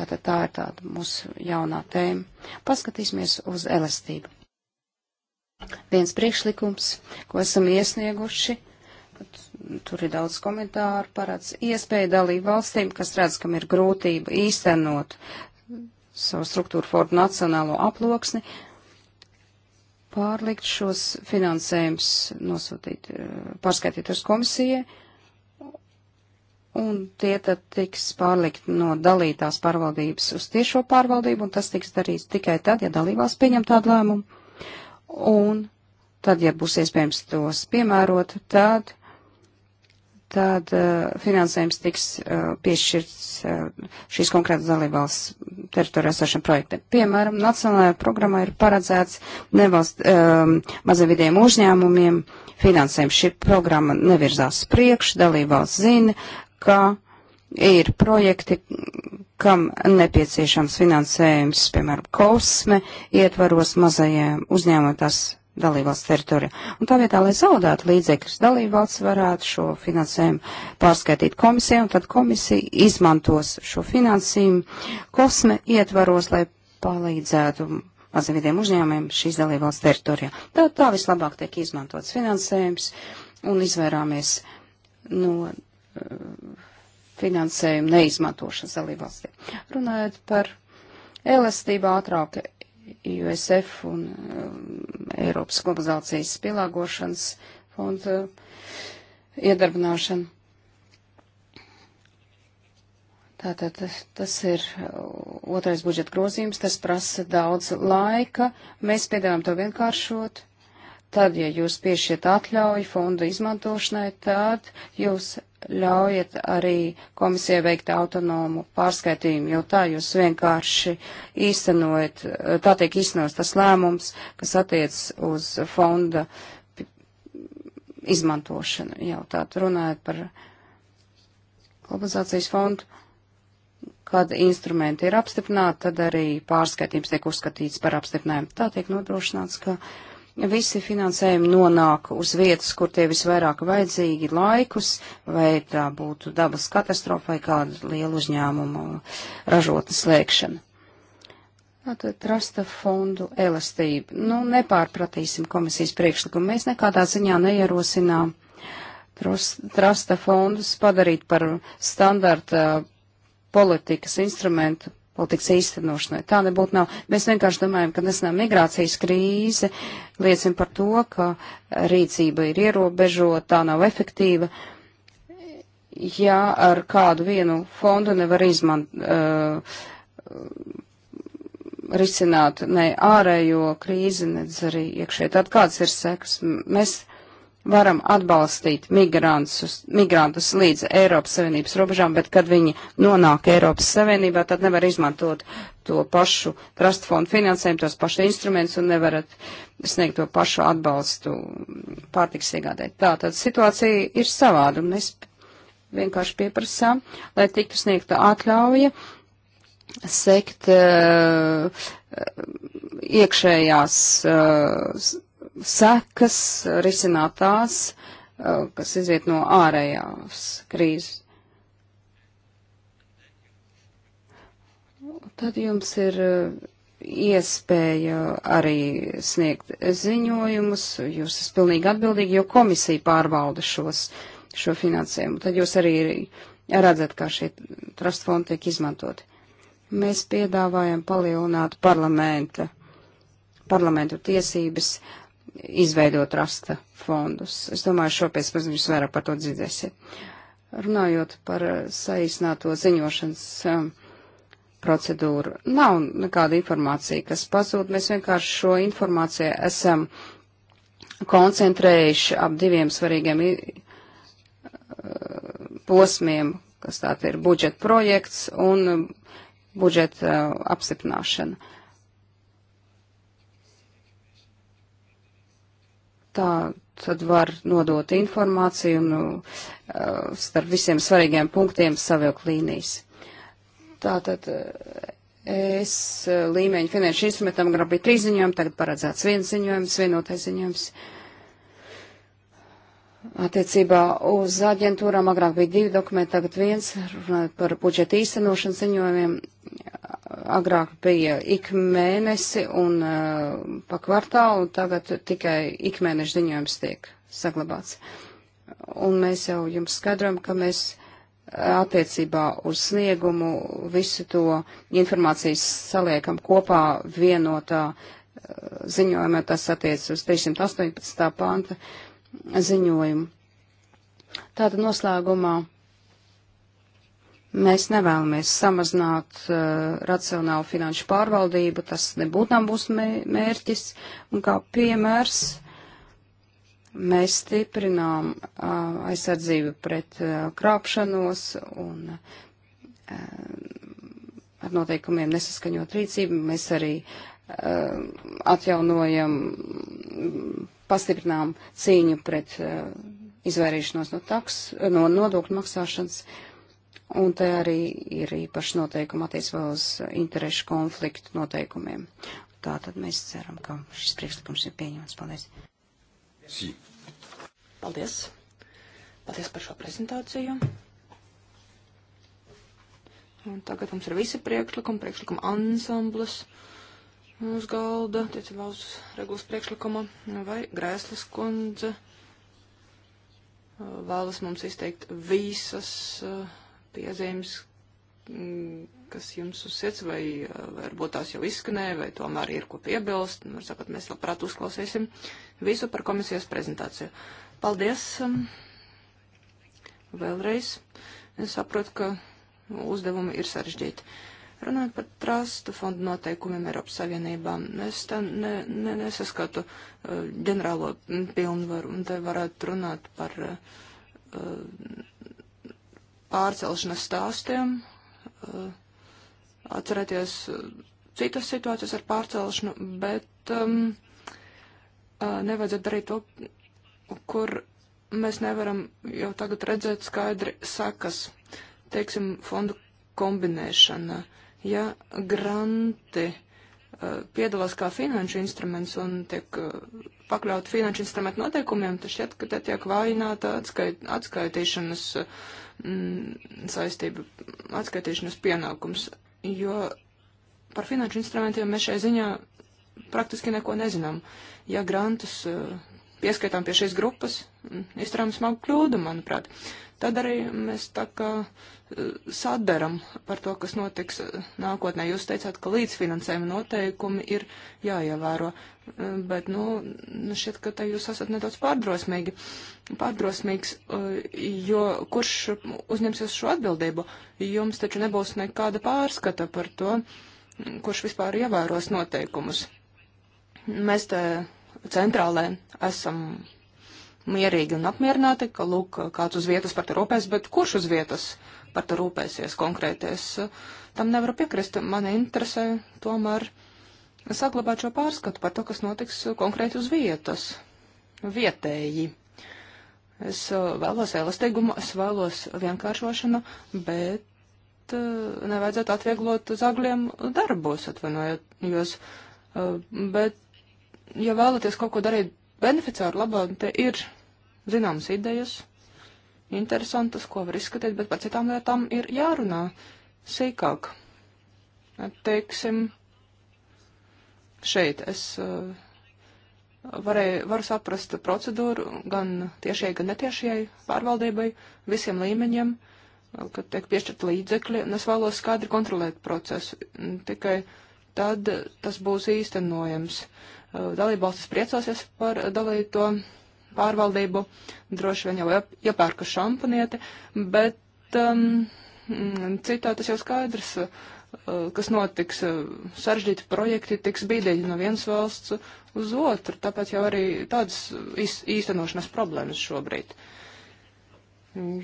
Tātad tā ir tāda mūsu jaunā tēma. Paskatīsimies uz elastību. Viens priekšlikums, ko esam iesnieguši Tur ir daudz komentāru parāds. Iespēja dalību valstīm, kas redz, kam ir grūtība īstenot savu struktūru formu nacionālo aploksni, pārlikt šos finansējums, nosūtīt, eh, pārskaitīt uz komisijai, un tie tad tiks pārlikt no dalītās pārvaldības uz tiešo pārvaldību, un tas tiks darīts tikai tad, ja dalībās pieņem tādu lēmumu. Un tad, ja būs iespējams tos piemērot, tad tad uh, finansējums tiks uh, piešķirts uh, šīs konkrētas dalībvalsts teritorijā sošiem projektiem. Piemēram, nacionālajā programmā ir paredzēts nevalst um, ehm, mazavidiem uzņēmumiem finansējums. Šī programma nevirzās priekš, dalībvalsts zina, ka ir projekti, kam nepieciešams finansējums, piemēram, kosme, ietvaros mazajiem uzņēmumiem tas dalībvalsts teritoriju. Un tā vietā, lai zaudētu līdzekļus, dalībvalsts varētu šo finansējumu pārskaitīt komisijai, un tad komisija izmantos šo finansējumu kosme ietvaros, lai palīdzētu mazavidiem uzņēmumiem šīs dalībvalsts teritorijā. Tā, tā vislabāk tiek izmantots finansējums, un izvairāmies no uh, finansējuma neizmantošanas dalībvalstī. Runājot par elastību ātrāk IUSF un um, Eiropas globalizācijas pielāgošanas fonda uh, iedarbināšanu. Tātad tas ir uh, otrais budžeta grozījums, tas prasa daudz laika. Mēs piedāvājam to vienkāršot Tad, ja jūs piešķiet atļauju fondu izmantošanai, tad jūs ļaujiet arī komisijai veikt autonomu pārskaitījumu, jo tā jūs vienkārši īstenojat, tā tiek īstenots tas lēmums, kas attiec uz fonda izmantošanu. Jau tātad runājot par globalizācijas fondu, kad instrumenti ir apstiprināti, tad arī pārskaitījums tiek uzskatīts par apstiprinājumu. Tā tiek nodrošināts, ka. Uh, visi finansējumi nonāk uz vietas, kur tie visvairāk vajadzīgi laikus, vai tā būtu dabas katastrofa vai kāda liela uzņēmuma ražotnes slēgšana. Tātad trasta fondu elastība. Nu, nepārpratīsim komisijas priekšlikumu. Mēs nekādā ziņā neierosinām trasta fondus padarīt par standarta politikas instrumentu politikas īstenošanai. Tā nebūtu nav. Mēs vienkārši domājam, ka nesenā migrācijas krīze liecina par to, ka rīcība ir ierobežota, tā nav efektīva. Ja ar kādu vienu fondu nevar izmant, uh, risināt ne ārējo krīzi, ne arī iekšēji, tad kāds ir sekas? Mēs varam atbalstīt migrantus, migrantus līdz Eiropas Savienības robežām, bet kad viņi nonāk Eiropas Savienībā, tad nevar izmantot to pašu trust fondu finansējumu, tos pašu instrumentus un nevarat sniegt to pašu atbalstu pārtiks iegādēt. Tā tad situācija ir savāda un mēs vienkārši pieprasām, lai tiktu sniegta atļauja sekt uh, iekšējās uh, sekas, risināt tās, eh, kas iziet no ārējās krīzes. Tad jums ir eh, iespēja arī sniegt ziņojumus, jūs esat pilnīgi atbildīgi, jo komisija pārvalda šos, šo finansējumu. Tad jūs arī redzat, kā šie trust fondi tiek izmantoti. Mēs piedāvājam palielināt parlamenta, parlamentu tiesības, izveidot rasta fondus. Es domāju, šo pēcpazdienu jūs vairāk par to dzirdēsiet. Runājot par saīsnāto ziņošanas um, procedūru, nav nekāda informācija, kas pazūd. Mēs vienkārši šo informāciju esam koncentrējuši ap diviem svarīgiem uh, posmiem, kas tātad ir budžeta projekts un budžeta uh, apstiprināšana. tā tad var nodot informāciju un nu, starp visiem svarīgiem punktiem savilkt līnijas. Tātad uh, es uh, līmeņu finanšu instrumentam gribēju trīs ziņojumu, tagad paredzēts viens ziņojums, vienotais ziņojums. Uh, Attiecībā uz aģentūrām agrāk bija divi dokumenti, tagad viens, runājot par budžeta īstenošanas ziņojumiem. Agrāk bija ik mēnesi un uh, pa kvartālu, tagad tikai ik mēneša ziņojums tiek saglabāts. Un mēs jau jums skaidrojam, ka mēs eh, attiecībā uz sniegumu visu to informācijas saliekam kopā vienotā uh, ziņojumā, tas attiec uz 318. panta. Uh, ziņojumu. Tāda noslēgumā mēs nevēlamies samazināt uh, racionālu finanšu pārvaldību, tas nebūtu nav būs mērķis. Un kā piemērs, mēs stiprinām uh, aizsardzību pret uh, krāpšanos un uh, ar noteikumiem nesaskaņot rīcību. Mēs arī uh, atjaunojam. Um, pastiprinām cīņu pret uh, izvairīšanos no, taks, no nodokļu maksāšanas, un te arī ir īpaši noteikumi attiecībā uz interešu konfliktu noteikumiem. Tā tad mēs ceram, ka šis priekšlikums ir pieņemts. Paldies! Sī. Paldies! Paldies par šo prezentāciju! Un tagad mums ir visi priekšlikumi, priekšlikuma ansamblis uz galda, tiecībā uz regulas priekšlikuma, vai Grēslis kundze uh, vēlas mums izteikt visas uh, piezīmes, mm, kas jums uz sirds, vai uh, varbūt tās jau izskanēja, vai tomēr ir ko piebilst. Nu, Var sakot, mēs labprāt uzklausīsim visu par komisijas prezentāciju. Paldies um, vēlreiz. Es saprotu, ka uzdevumi ir sarežģīti. Runājot par trustu fondu noteikumiem Eiropas Savienībā, es tam ne, ne, nesaskatu uh, ģenerālo pilnvaru, un te varētu runāt par uh, pārcelšanas stāstiem, uh, atcerēties uh, citas situācijas ar pārcelšanu, bet um, uh, nevajadzētu darīt to, kur mēs nevaram jau tagad redzēt skaidri sakas, teiksim, fondu kombinēšana. Uh, ja granti uh, piedalās kā finanšu instruments un tiek uh, pakļaut finanšu instrumentu noteikumiem, tad šķiet, ka te tiek vājināta atskait, atskaitīšanas mm, saistība, atskaitīšanas pienākums, jo par finanšu instrumentiem mēs šai ziņā praktiski neko nezinām. Ja grantus uh, pieskaitām pie šīs grupas, mm, izdarām smagu kļūdu, manuprāt tad arī mēs tā kā e, sadaram par to, kas notiks e, nākotnē. Jūs teicāt, ka līdzfinansējuma noteikumi ir jāievēro, e, bet, nu, nu, šķiet, ka te jūs esat nedaudz pārdrosmīgi, pārdrosmīgs, jo kurš uzņemsies šo atbildību? Jums taču nebūs nekāda pārskata par to, kurš vispār ievēros noteikumus. Mēs te centrālē esam mierīgi un apmierināti, ka, lūk, kāds uz vietas par to rūpēs, bet kurš uz vietas par to rūpēsies konkrēties, tam nevaru piekrist. Mani interesē tomēr saglabāt šo pārskatu par to, kas notiks konkrēti uz vietas, vietēji. Es uh, vēlos elastīgumu, es vēlos vienkāršošanu, bet uh, nevajadzētu atvieglot zagļiem darbos, atvainojos. Uh, bet, ja vēlaties kaut ko darīt beneficāru labā, te ir zināmas idejas, interesantas, ko var izskatīt, bet par citām lietām ir jārunā sīkāk. Teiksim, šeit es eh, varēju, varu saprast procedūru gan tiešai, gan netiešai pārvaldībai, visiem līmeņiem, eh, kad tiek piešķirt līdzekļi, un es vēlos skaidri kontrolēt procesu. Tikai tad tas būs īstenojams. Eh, dalībvalstis priecāsies par dalīto pārvaldību, droši vien jau iepērka šampanieti, bet um, mm, citā tas jau skaidrs, uh, kas notiks. Uh, saržģīti projekti tiks bīdēji no vienas valsts uz otru, tāpēc jau arī tādas īstenošanas problēmas šobrīd.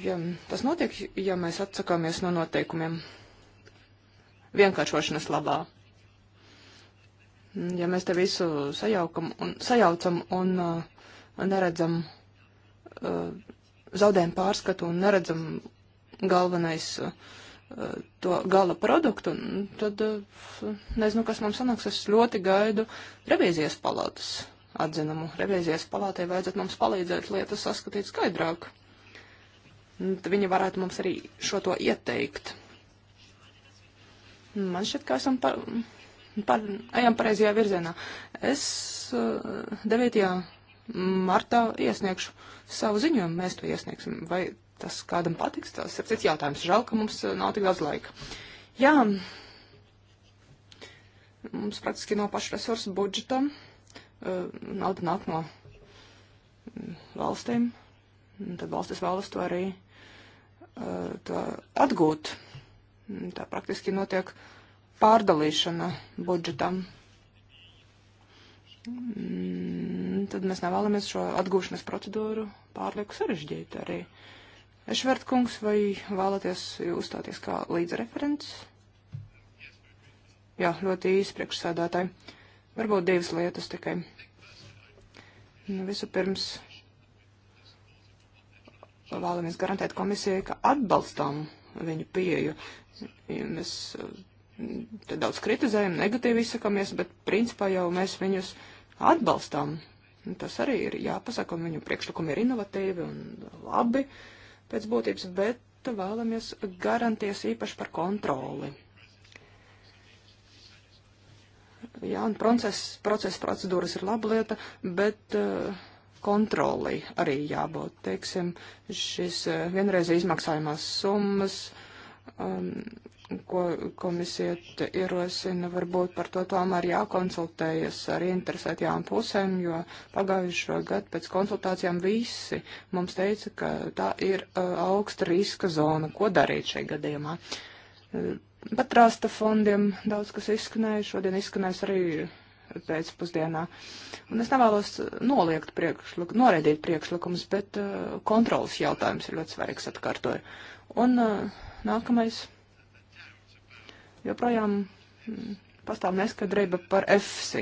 Ja, tas notiek, ja mēs atsakāmies no noteikumiem vienkāršošanas labā ja mēs te visu sajaukam un, sajaucam un uh, neredzam uh, zaudējam pārskatu un neredzam galvenais uh, to gala produktu, tad uh, nezinu, kas mums sanāks. Es ļoti gaidu revīzijas palātas atzinumu. Revīzijas palātē vajadzētu mums palīdzēt lietas saskatīt skaidrāk. Viņi varētu mums arī šo to ieteikt. Man šķiet, ka esam par, par, ejam pareizajā virzienā. Es 9. Uh, martā iesniegšu savu ziņojumu, mēs to iesniegsim. Vai tas kādam patiks, tas ir cits jautājums. Žēl, ka mums uh, nav tik daudz laika. Jā, mums praktiski nav pašu resursu budžeta, uh, nauda nāk no mm, valstīm, tad valstis vēlas to arī uh, to atgūt. Mm, tā praktiski notiek pārdalīšana budžetam. Mm, tad mēs nevēlamies šo atgūšanas procedūru pārlieku sarežģīt arī. Ešvert kungs, vai vēlaties uzstāties kā līdzreferents? Jā, ļoti īsi priekšsēdētāji. Varbūt divas lietas tikai. Nu, Vispirms vēlamies garantēt komisijai, ka atbalstām viņu pieju. Mēs eh, te daudz kritizējam, negatīvi izsakamies, bet principā jau mēs viņus atbalstām Tas arī ir jāpasaka, un viņu priekšlikumi ir inovatīvi un labi pēc būtības, bet vēlamies garantijas īpaši par kontroli. Jā, un process, process procedūras ir laba lieta, bet uh, eh, kontroli arī jābūt, teiksim, šis uh, vienreiz izmaksājumās summas. Uh, um, ko komisija ierosina, varbūt par to tomēr jākonsultējas ar interesētajām pusēm, jo pagājušo gadu pēc konsultācijām visi mums teica, ka tā ir uh, augsta riska zona. Ko darīt šajā gadījumā? Uh, pat rasta fondiem daudz kas izskanēja, šodien izskanēs arī pēcpusdienā. Un es nevēlos noliegt priekšlik, noraidīt priekšlikumus, bet uh, kontrolas jautājums ir ļoti svarīgs, atkārtoju. Un uh, Nākamais. Joprojām mm, pastāv neskaidrība par FC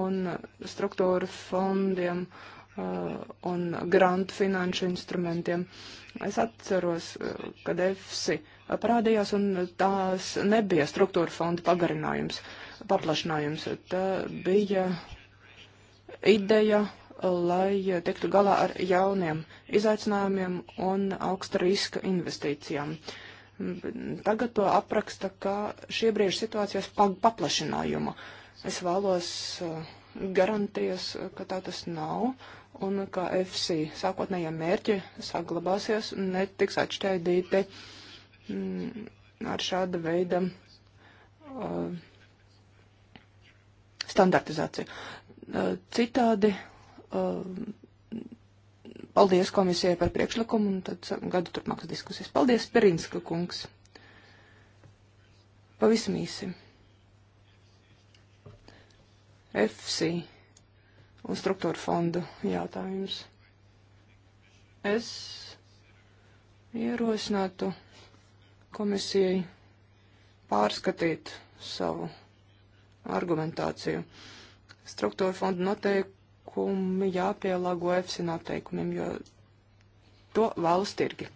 un struktūru fondiem uh, un grantu finanšu instrumentiem. Es atceros, uh, kad EFSI parādījās un tās nebija struktūra fonda pagarinājums, paplašinājums. Tā bija ideja lai tiktu galā ar jauniem izaicinājumiem un augsta riska investīcijām. Tagad to apraksta kā šī brīža situācijas paplašinājumu. Es vēlos uh, garantijas, ka tā tas nav un ka FC sākotnējie mērķi saglabāsies un netiks atšķaidīti mm, ar šāda veida uh, standartizāciju. Uh, citādi uh, paldies komisijai par priekšlikumu un tad gadu turpmākas diskusijas. Paldies, Perinska kungs. Pavisam īsi. FC un struktūra fondu jautājums. Es ierosinātu komisijai pārskatīt savu argumentāciju. Struktūra fonda noteikti noteikumi jāpielāgo EFSI noteikumiem, jo to vēlas tirgi.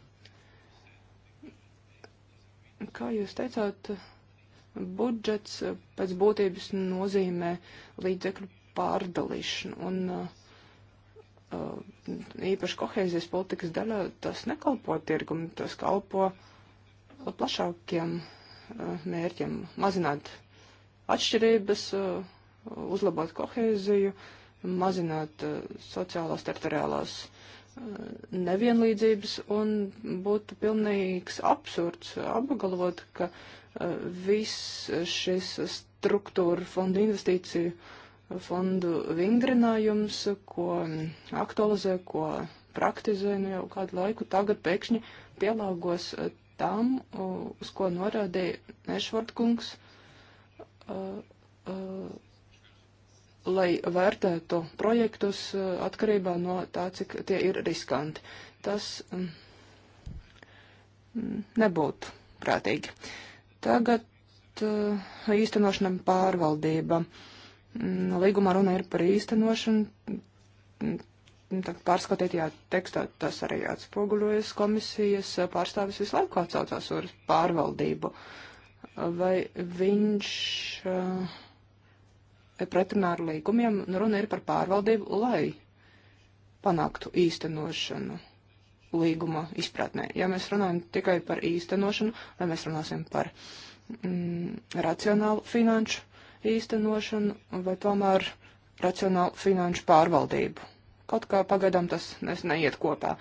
Kā jūs teicāt, budžets pēc būtības nozīmē līdzekļu pārdalīšanu, un uh, uh īpaši kohēzijas politikas daļā tas nekalpo tirgumu, tas kalpo plašākiem uh, mērķiem, mazināt atšķirības, uh, uzlabot kohēziju, uh, mazināt eh, sociālās teritoriālās eh, nevienlīdzības un būtu pilnīgs absurds apgalvot, ka eh, viss šis struktūra fondu investīciju fondu vingrinājums, ko aktualizē, ko praktizē nu jau kādu laiku, tagad pēkšņi pielāgos tam, uz ko norādīja Nešvartkungs. Uh, uh, lai vērtētu projektus uh, atkarībā no tā, cik tie ir riskanti. Tas um, mm, nebūtu prātīgi. Tagad uh, īstenošanam pārvaldība. Mm, līgumā runa ir par īstenošanu. Mm, tad pārskatītajā tekstā tas arī atspoguļojas komisijas pārstāvis visu laiku atsaucās uz pārvaldību. Vai viņš uh, pretrunā ar līgumiem, nu runa ir par pārvaldību, lai panāktu īstenošanu līguma izpratnē. Ja mēs runājam tikai par īstenošanu, vai mēs runāsim par mm, racionālu finanšu īstenošanu, vai tomēr racionālu finanšu pārvaldību. Kaut kā pagaidām tas neiet kopā.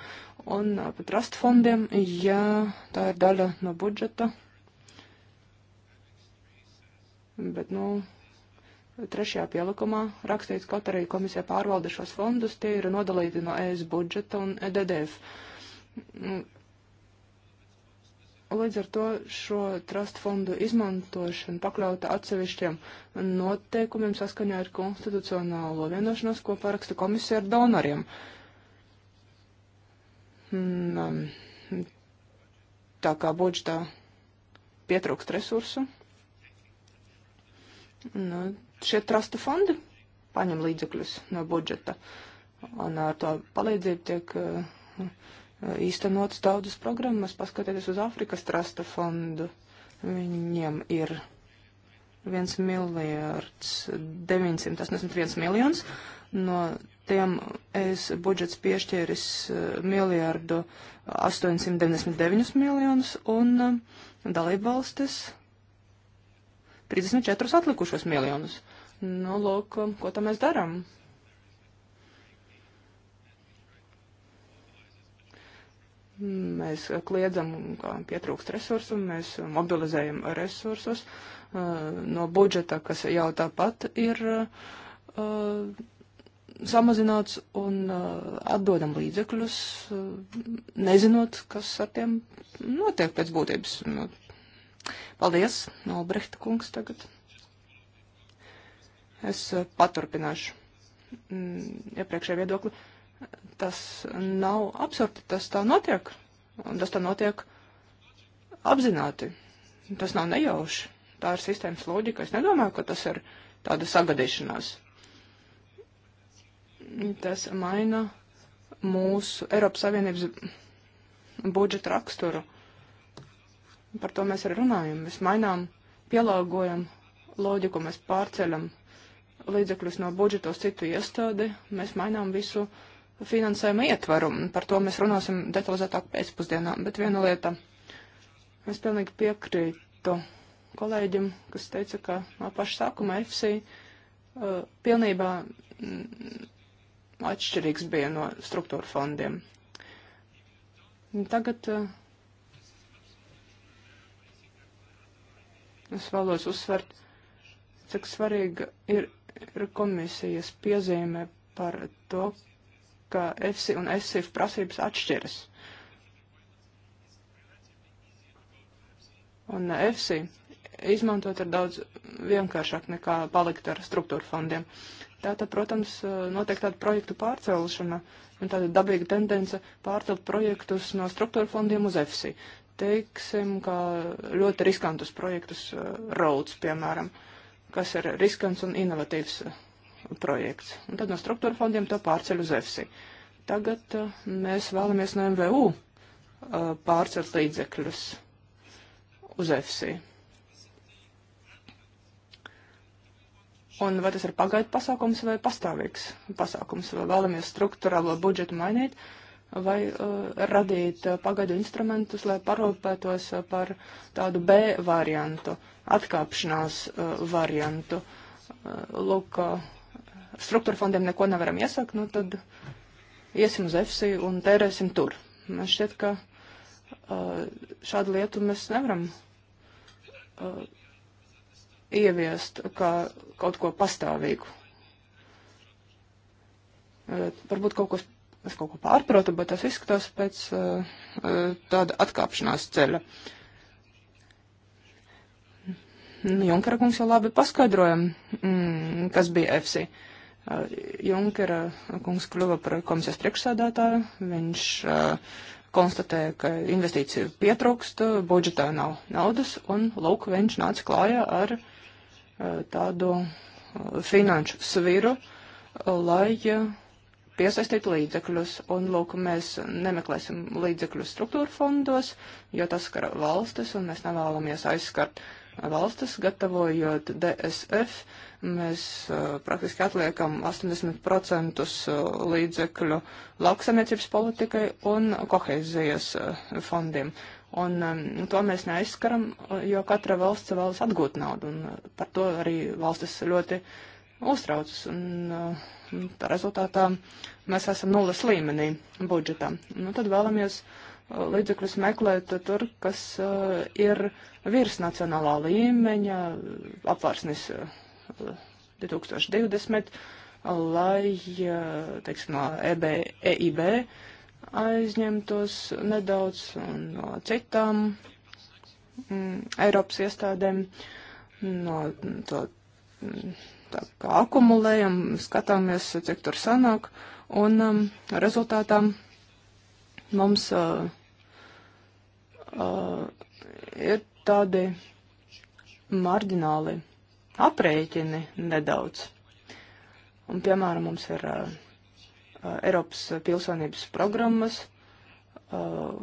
Un uh, par trust fondiem, jā, tā ir daļa no budžeta. Bet, nu, Trešajā pielikumā rakstīts, kaut arī komisija pārvalda šos fondus, tie ir nodalīti no ES budžeta un EDDF. Nu, līdz ar to šo trust fondu izmantošana pakļauta atsevišķiem noteikumiem saskaņā ar konstitucionālo vienošanos, ko paraksta komisija ar donoriem. Mm, um, tā kā budžetā pietrūkst resursu, nu, šie trasta fondi paņem līdzekļus no budžeta, un ar to palīdzību tiek uh, uh, īstenotas daudzas programmas. Paskatieties uz Afrikas trasta fondu. Viņiem ir 1 miljards 981 miljons. No tiem es budžets piešķēris uh, miljardu 899 miljonus un dalībvalstis 34 atlikušos miljonus. Nu, lūk, ko tam mēs darām? Mēs kliedzam, ka pietrūkst resursu, mēs mobilizējam resursus uh, no budžeta, kas jau tāpat ir uh, samazināts un uh, atdodam līdzekļus, nezinot, kas ar tiem notiek pēc būtības. Nu, Paldies, Albrehta kungs tagad. Es eh, paturpināšu mm, iepriekšēju viedokli. Tas nav absurdi, tas tā notiek. Un tas tā notiek apzināti. Tas nav nejauši. Tā ir sistēmas loģika. Es nedomāju, ka tas ir tāda sagadīšanās. Tas maina mūsu Eiropas Savienības budžeta raksturu Par to mēs arī runājam. Mēs mainām, pielāgojam loģiku, mēs pārceļam līdzekļus no budžeta uz citu iestādi, mēs mainām visu finansējuma ietvaru. Par to mēs runāsim detalizētāk pēcpusdienā. Bet viena lieta, es pilnīgi piekrītu kolēģim, kas teica, ka no paša sākuma FC uh, pilnībā mm, atšķirīgs bija no struktūra fondiem. Tagad uh, Es vēlos uzsvert, cik svarīga ir, ir komisijas piezīme par to, ka EFSI un ESIF prasības atšķiras. Un EFSI izmantot ir daudz vienkāršāk nekā palikt ar struktūra fondiem. Tātad, protams, notiek tāda projektu pārcelšana un tāda dabīga tendence pārcelt projektus no struktūra fondiem uz EFSI teiksim, kā ļoti riskantus projektus, eh, roads, piemēram, kas ir riskants un inovatīvs eh, projekts. Un tad no struktūra fondiem to pārceļ uz EFSI. Tagad eh, mēs vēlamies no MVU pārcelt līdzekļus uz EFSI. Un vai tas ir pagaidu pasākums vai pastāvīgs pasākums, vai vēlamies struktūrālo budžetu mainīt? Uh, vai uh, radīt uh, pagaidu instrumentus, lai parūpētos uh, par tādu B variantu, atkāpšanās uh, variantu. Uh, lūk, uh, struktūra fondiem neko nevaram iesākt, nu tad iesim uz EFSI un tērēsim tur. Man šķiet, ka uh, šādu lietu mēs nevaram uh, ieviest kā kaut ko pastāvīgu. Uh, varbūt kaut kas es kaut ko pārprotu, bet tas izskatās pēc uh, tāda atkāpšanās ceļa. Nu, Junkera kungs jau labi paskaidroja, mm, kas bija EFSI. Uh, Junkera kungs kļuva par komisijas priekšsēdētāju, viņš uh, konstatēja, ka investīciju pietrūkst, budžetā nav naudas, un lūk, viņš nāca klājā ar uh, tādu uh, finanšu sviru, uh, lai. Uh, piesaistīt līdzekļus. Un, lūk, mēs nemeklēsim līdzekļus struktūra fondos, jo tas skar valstis, un mēs nevēlamies aizskart valstis, gatavojot DSF. Mēs uh, praktiski atliekam 80% uh, līdzekļu lauksamniecības politikai un koheizijas uh, fondiem. Un um, to mēs neaizskaram, jo katra valsts vēlas atgūt naudu, un uh, par to arī valstis ļoti uh, uztrauc. Un, uh, tā rezultātā mēs esam nulles līmenī budžetā. Nu, tad vēlamies uh, līdzekļus meklēt tur, kas uh, ir virs nacionālā līmeņa, apvārsnis 2020, lai, teiksim, no EB, EIB aizņemtos nedaudz no citām mm, Eiropas iestādēm, no to mm, tā kā akumulējam, skatāmies, cik tur sanāk, un um, rezultātā mums uh, uh, ir tādi marģināli aprēķini nedaudz. Un, piemēram, mums ir uh, uh Eiropas pilsonības programmas, uh,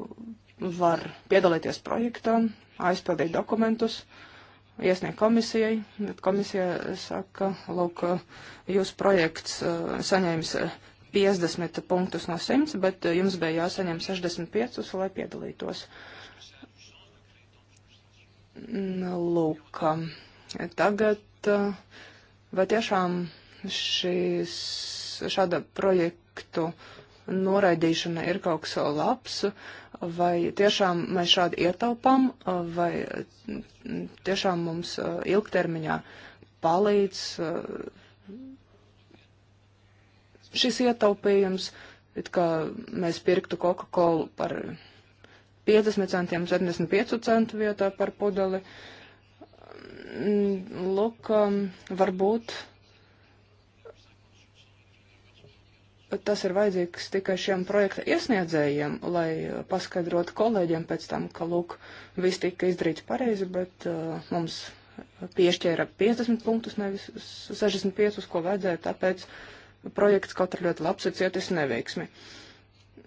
var piedalīties projektā, aizpildīt dokumentus, uh, iesniegt komisijai, bet komisija saka, lūk, jūs projekts eh, saņēmis 50 eh, punktus no 100, bet eh, jums bija jāsaņem 65, lai piedalītos. Lūk, tagad vai tiešām šis, šāda projektu noraidīšana ir kaut kas labs? Uh, vai tiešām mēs šādi ietaupām, uh, vai mm, tiešām mums uh, ilgtermiņā palīdz uh, šis ietaupījums, it kā mēs pirktu Coca-Colu par 50 centiem, 75 centu vietā par pudeli. Mm, lūk, um, varbūt tas ir vajadzīgs tikai šiem projekta iesniedzējiem, lai paskaidrotu kolēģiem pēc tam, ka, lūk, viss tika izdarīts pareizi, bet uh, mums piešķēra 50 punktus, nevis 65, ko vajadzēja, tāpēc projekts kaut ir ļoti labs, ir cietis neveiksmi.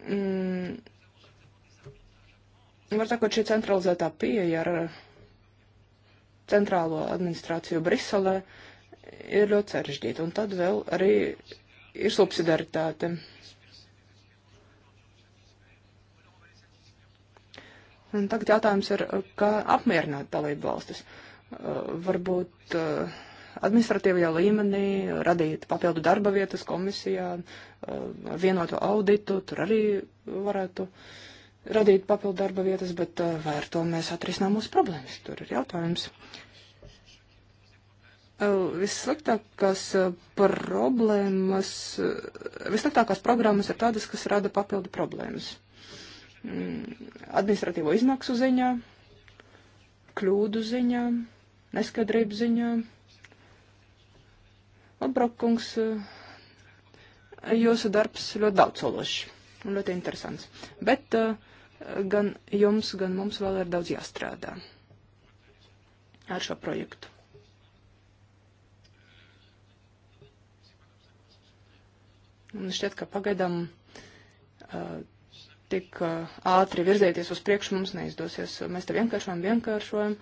Mm. Var sakot, šī centralizētā pieeja ar centrālo administrāciju Briselē ir ļoti sarežģīta, un tad vēl arī ir subsidaritāte. Un tagad jautājums ir, kā apmierināt dalību valstis. Uh, varbūt uh, administratīvajā līmenī radīt papildu darba vietas komisijā, uh, vienotu auditu, tur arī varētu radīt papildu darba vietas, bet vai ar to mēs atrisinām mūsu problēmas? Tur ir jautājums. Uh, Vissliktākās problēmas, vissliktākās programmas ir tādas, kas rada papildu problēmas. Mm, administratīvo izmaksu ziņā, kļūdu ziņā, neskaidrību ziņā. Labrokungs, jūsu darbs ļoti daudzsološs un ļoti interesants. Bet gan jums, gan mums vēl ir daudz jāstrādā ar šo projektu. Un šķiet, ka pagaidām uh, tik uh, ātri virzēties uz priekšu mums neizdosies. Mēs te vienkāršojam, vienkāršojam,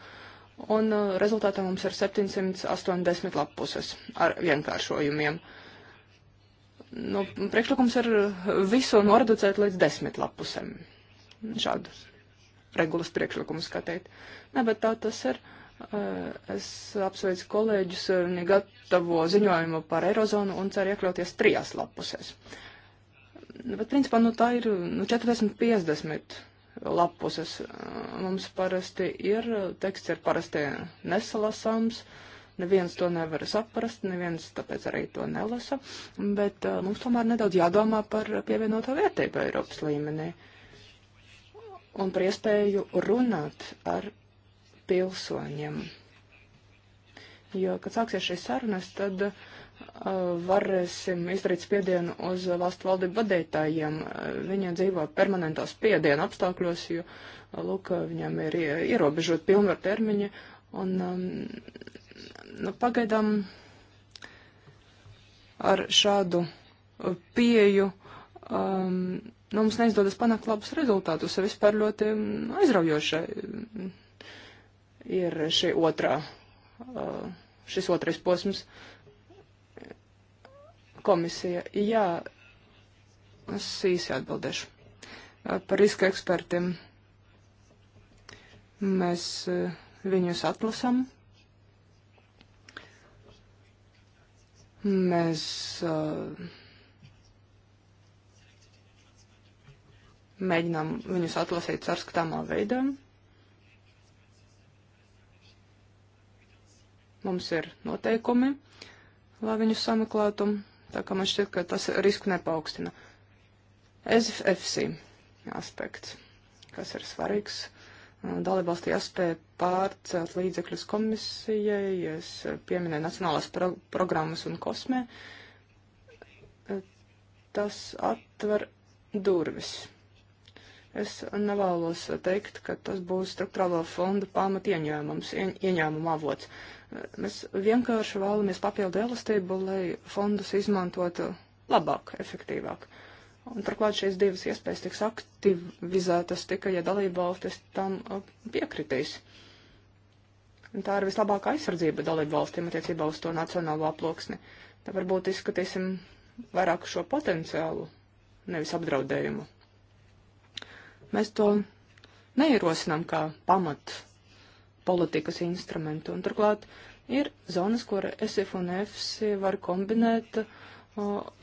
un uh, rezultātā mums ir 780 lapuses ar vienkāršojumiem. Nu, priekšlikums ir visu noreducēt līdz desmit lapusēm. Šādu regulas priekšlikumu skatīt. Ne, bet tā tas ir. Uh, Eh, es apsveicu kolēģus, eh, viņi gatavo ziņojumu par Eirozonu un cer iekļauties trijās lapusēs. Bet, principā, nu tā ir nu, 40-50 lapuses. Eh, mums parasti ir, teksts ir parasti nesalasāms, neviens to nevar saprast, neviens tāpēc arī to nelasa, bet uh, mums tomēr nedaudz jādomā par pievienoto vērtību Eiropas līmenī un par iespēju runāt ar pilsoņiem. Jo, kad sāksies šīs sarunas, tad uh, varēsim izdarīt spiedienu uz valstu valdību vadītājiem. Viņi dzīvo permanentā spiediena apstākļos, jo, lūk, viņam ir ierobežot pilnvar termiņi. Un, um, nu, pagaidām ar šādu pieju um, nu, mums neizdodas panākt labus rezultātus. Tas ir vispār ļoti mm, aizraujoši ir šī otrā, uh, šis otrais posms komisija. Jā, es īsi atbildēšu. Uh, par riska ekspertiem mēs uh, viņus atlasam. Mēs, mēs mēģinām viņus atlasīt sarskatāmā veidā. Mums ir noteikumi, lai viņus sameklētu, tā kā man šķiet, ka tas risku nepaukstina. SFC aspekts, kas ir svarīgs. Dalībvalstī jāspēj pārcelt līdzekļus komisijai, es pieminēju nacionālās pro programmas un kosmē. Tas atver durvis. Es nevēlos teikt, ka tas būs struktūrālo fondu pamat ieņēmums, ieņēmuma avots. Mēs vienkārši vēlamies papildu elastību, lai fondus izmantotu labāk, efektīvāk. Un turklāt šīs divas iespējas tiks aktivizētas tikai, ja dalība valstis tam uh, piekritīs. Un tā ir vislabākā aizsardzība dalību valstīm attiecībā uz to nacionālo aploksni. Tā varbūt izskatīsim vairāk šo potenciālu, nevis apdraudējumu. Mēs to neierosinām kā pamatu politikas instrumentu. Un turklāt ir zonas, kur SF un FC var kombinēt,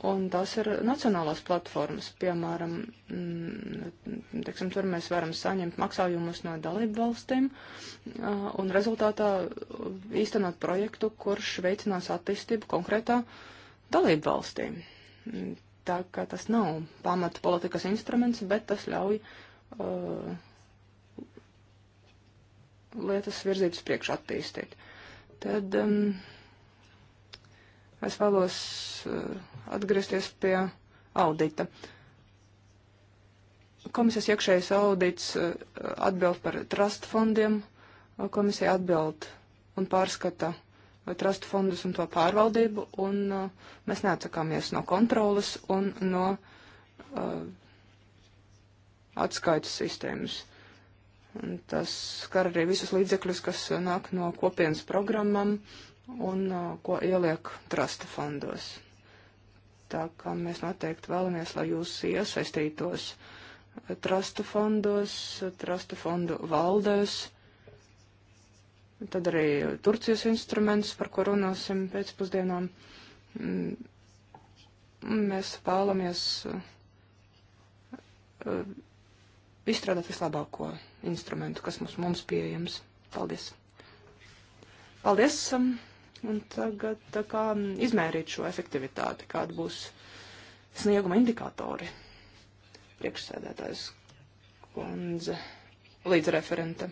un tās ir nacionālās platformas. Piemēram, mm, teiksim, tur mēs varam saņemt maksājumus no dalību valstīm un rezultātā īstenot projektu, kurš veicinās attīstību konkrētā dalību valstī. Tā kā tas nav pamata politikas instruments, bet tas ļauj uh, lietas virzīt uz priekšu, attīstīt. Tad um, es vēlos uh, atgriezties pie audita. Komisijas iekšējais audits uh, atbild par trust fondiem, uh, komisija atbild un pārskata uh, trust fondus un to pārvaldību, un uh, mēs neatsakāmies no kontrolas un no uh, atskaitu sistēmas. Un tas skar arī visus līdzekļus, kas nāk no kopienas programmam un uh, ko ieliek trasta fondos. Tā kā mēs noteikti vēlamies, lai jūs iesaistītos trasta fondos, trasta fondu valdēs. Tad arī Turcijas instruments, par ko runāsim pēcpusdienām. Mm, mēs vēlamies uh, izstrādāt vislabāko instrumentu, kas mums, mums pieejams. Paldies! Paldies! Um, un tagad tā kā um, izmērīt šo efektivitāti, kāda būs snieguma indikātori. Priekšsēdētājs kundze, līdz referente.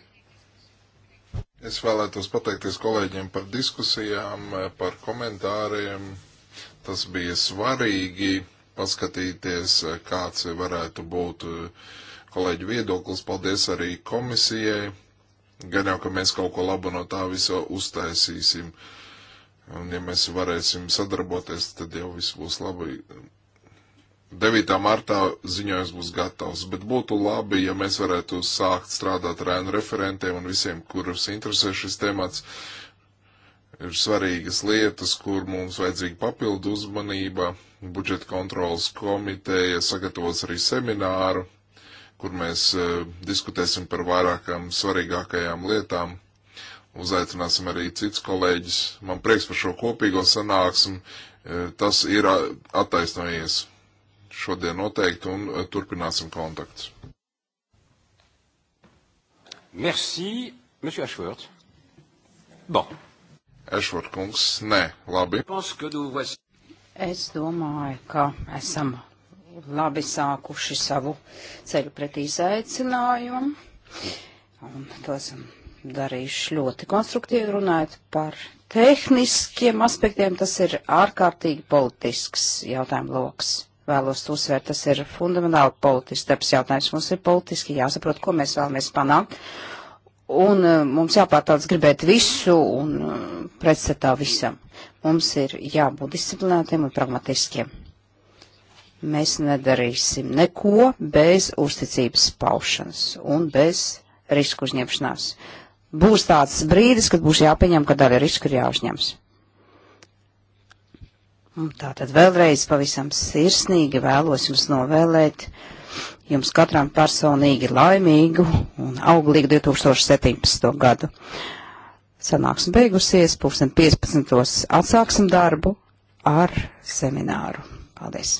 Es vēlētos pateikties kolēģiem par diskusijām, par komentāriem. Tas bija svarīgi paskatīties, kāds varētu būt uh, kolēģu viedoklis. Paldies arī komisijai. Gan jau, ka mēs kaut ko labu no tā visu uztaisīsim. Un ja mēs varēsim sadarboties, tad jau viss būs labi. 9. martā ziņojums būs gatavs, bet būtu labi, ja mēs varētu sākt strādāt ar ēnu referentiem un visiem, kurus interesē šis temats. Ir svarīgas lietas, kur mums vajadzīga papildu uzmanība. Budžeta kontrolas komiteja sagatavos arī semināru kur mēs e, diskutēsim par vairākām svarīgākajām lietām. Uzaicināsim arī cits kolēģis. Man prieks par šo kopīgo sanāksmu. E, tas ir attaisnojies šodien noteikti un e, turpināsim kontaktus. Merci, monsieur Ashworth. Bon. Ashworth kungs, nē, labi. Es domāju, ka esam labi sākuši savu ceļu pret izaicinājumu. Un to esam darījuši ļoti konstruktīvi runājot par tehniskiem aspektiem. Tas ir ārkārtīgi politisks jautājumu loks. Vēlos uzsvērt, tas ir fundamentāli politisks darbs jautājums. Mums ir politiski jāsaprot, ko mēs vēlamies panākt. Un eh, mums jāpārtauc gribēt visu un eh, pretstatā visam. Mums ir jābūt disciplinētiem un pragmatiskiem. Mēs nedarīsim neko bez uzticības paušanas un bez risku uzņemšanās. Būs tāds brīdis, kad būs jāpieņem, ka daļa riska ir jāuzņems. Tātad vēlreiz pavisam sirsnīgi vēlos jums novēlēt jums katram personīgi laimīgu un auglīgu 2017. gadu. Sanāksim beigusies, pulksten 15. atsāksim darbu ar semināru. Paldies!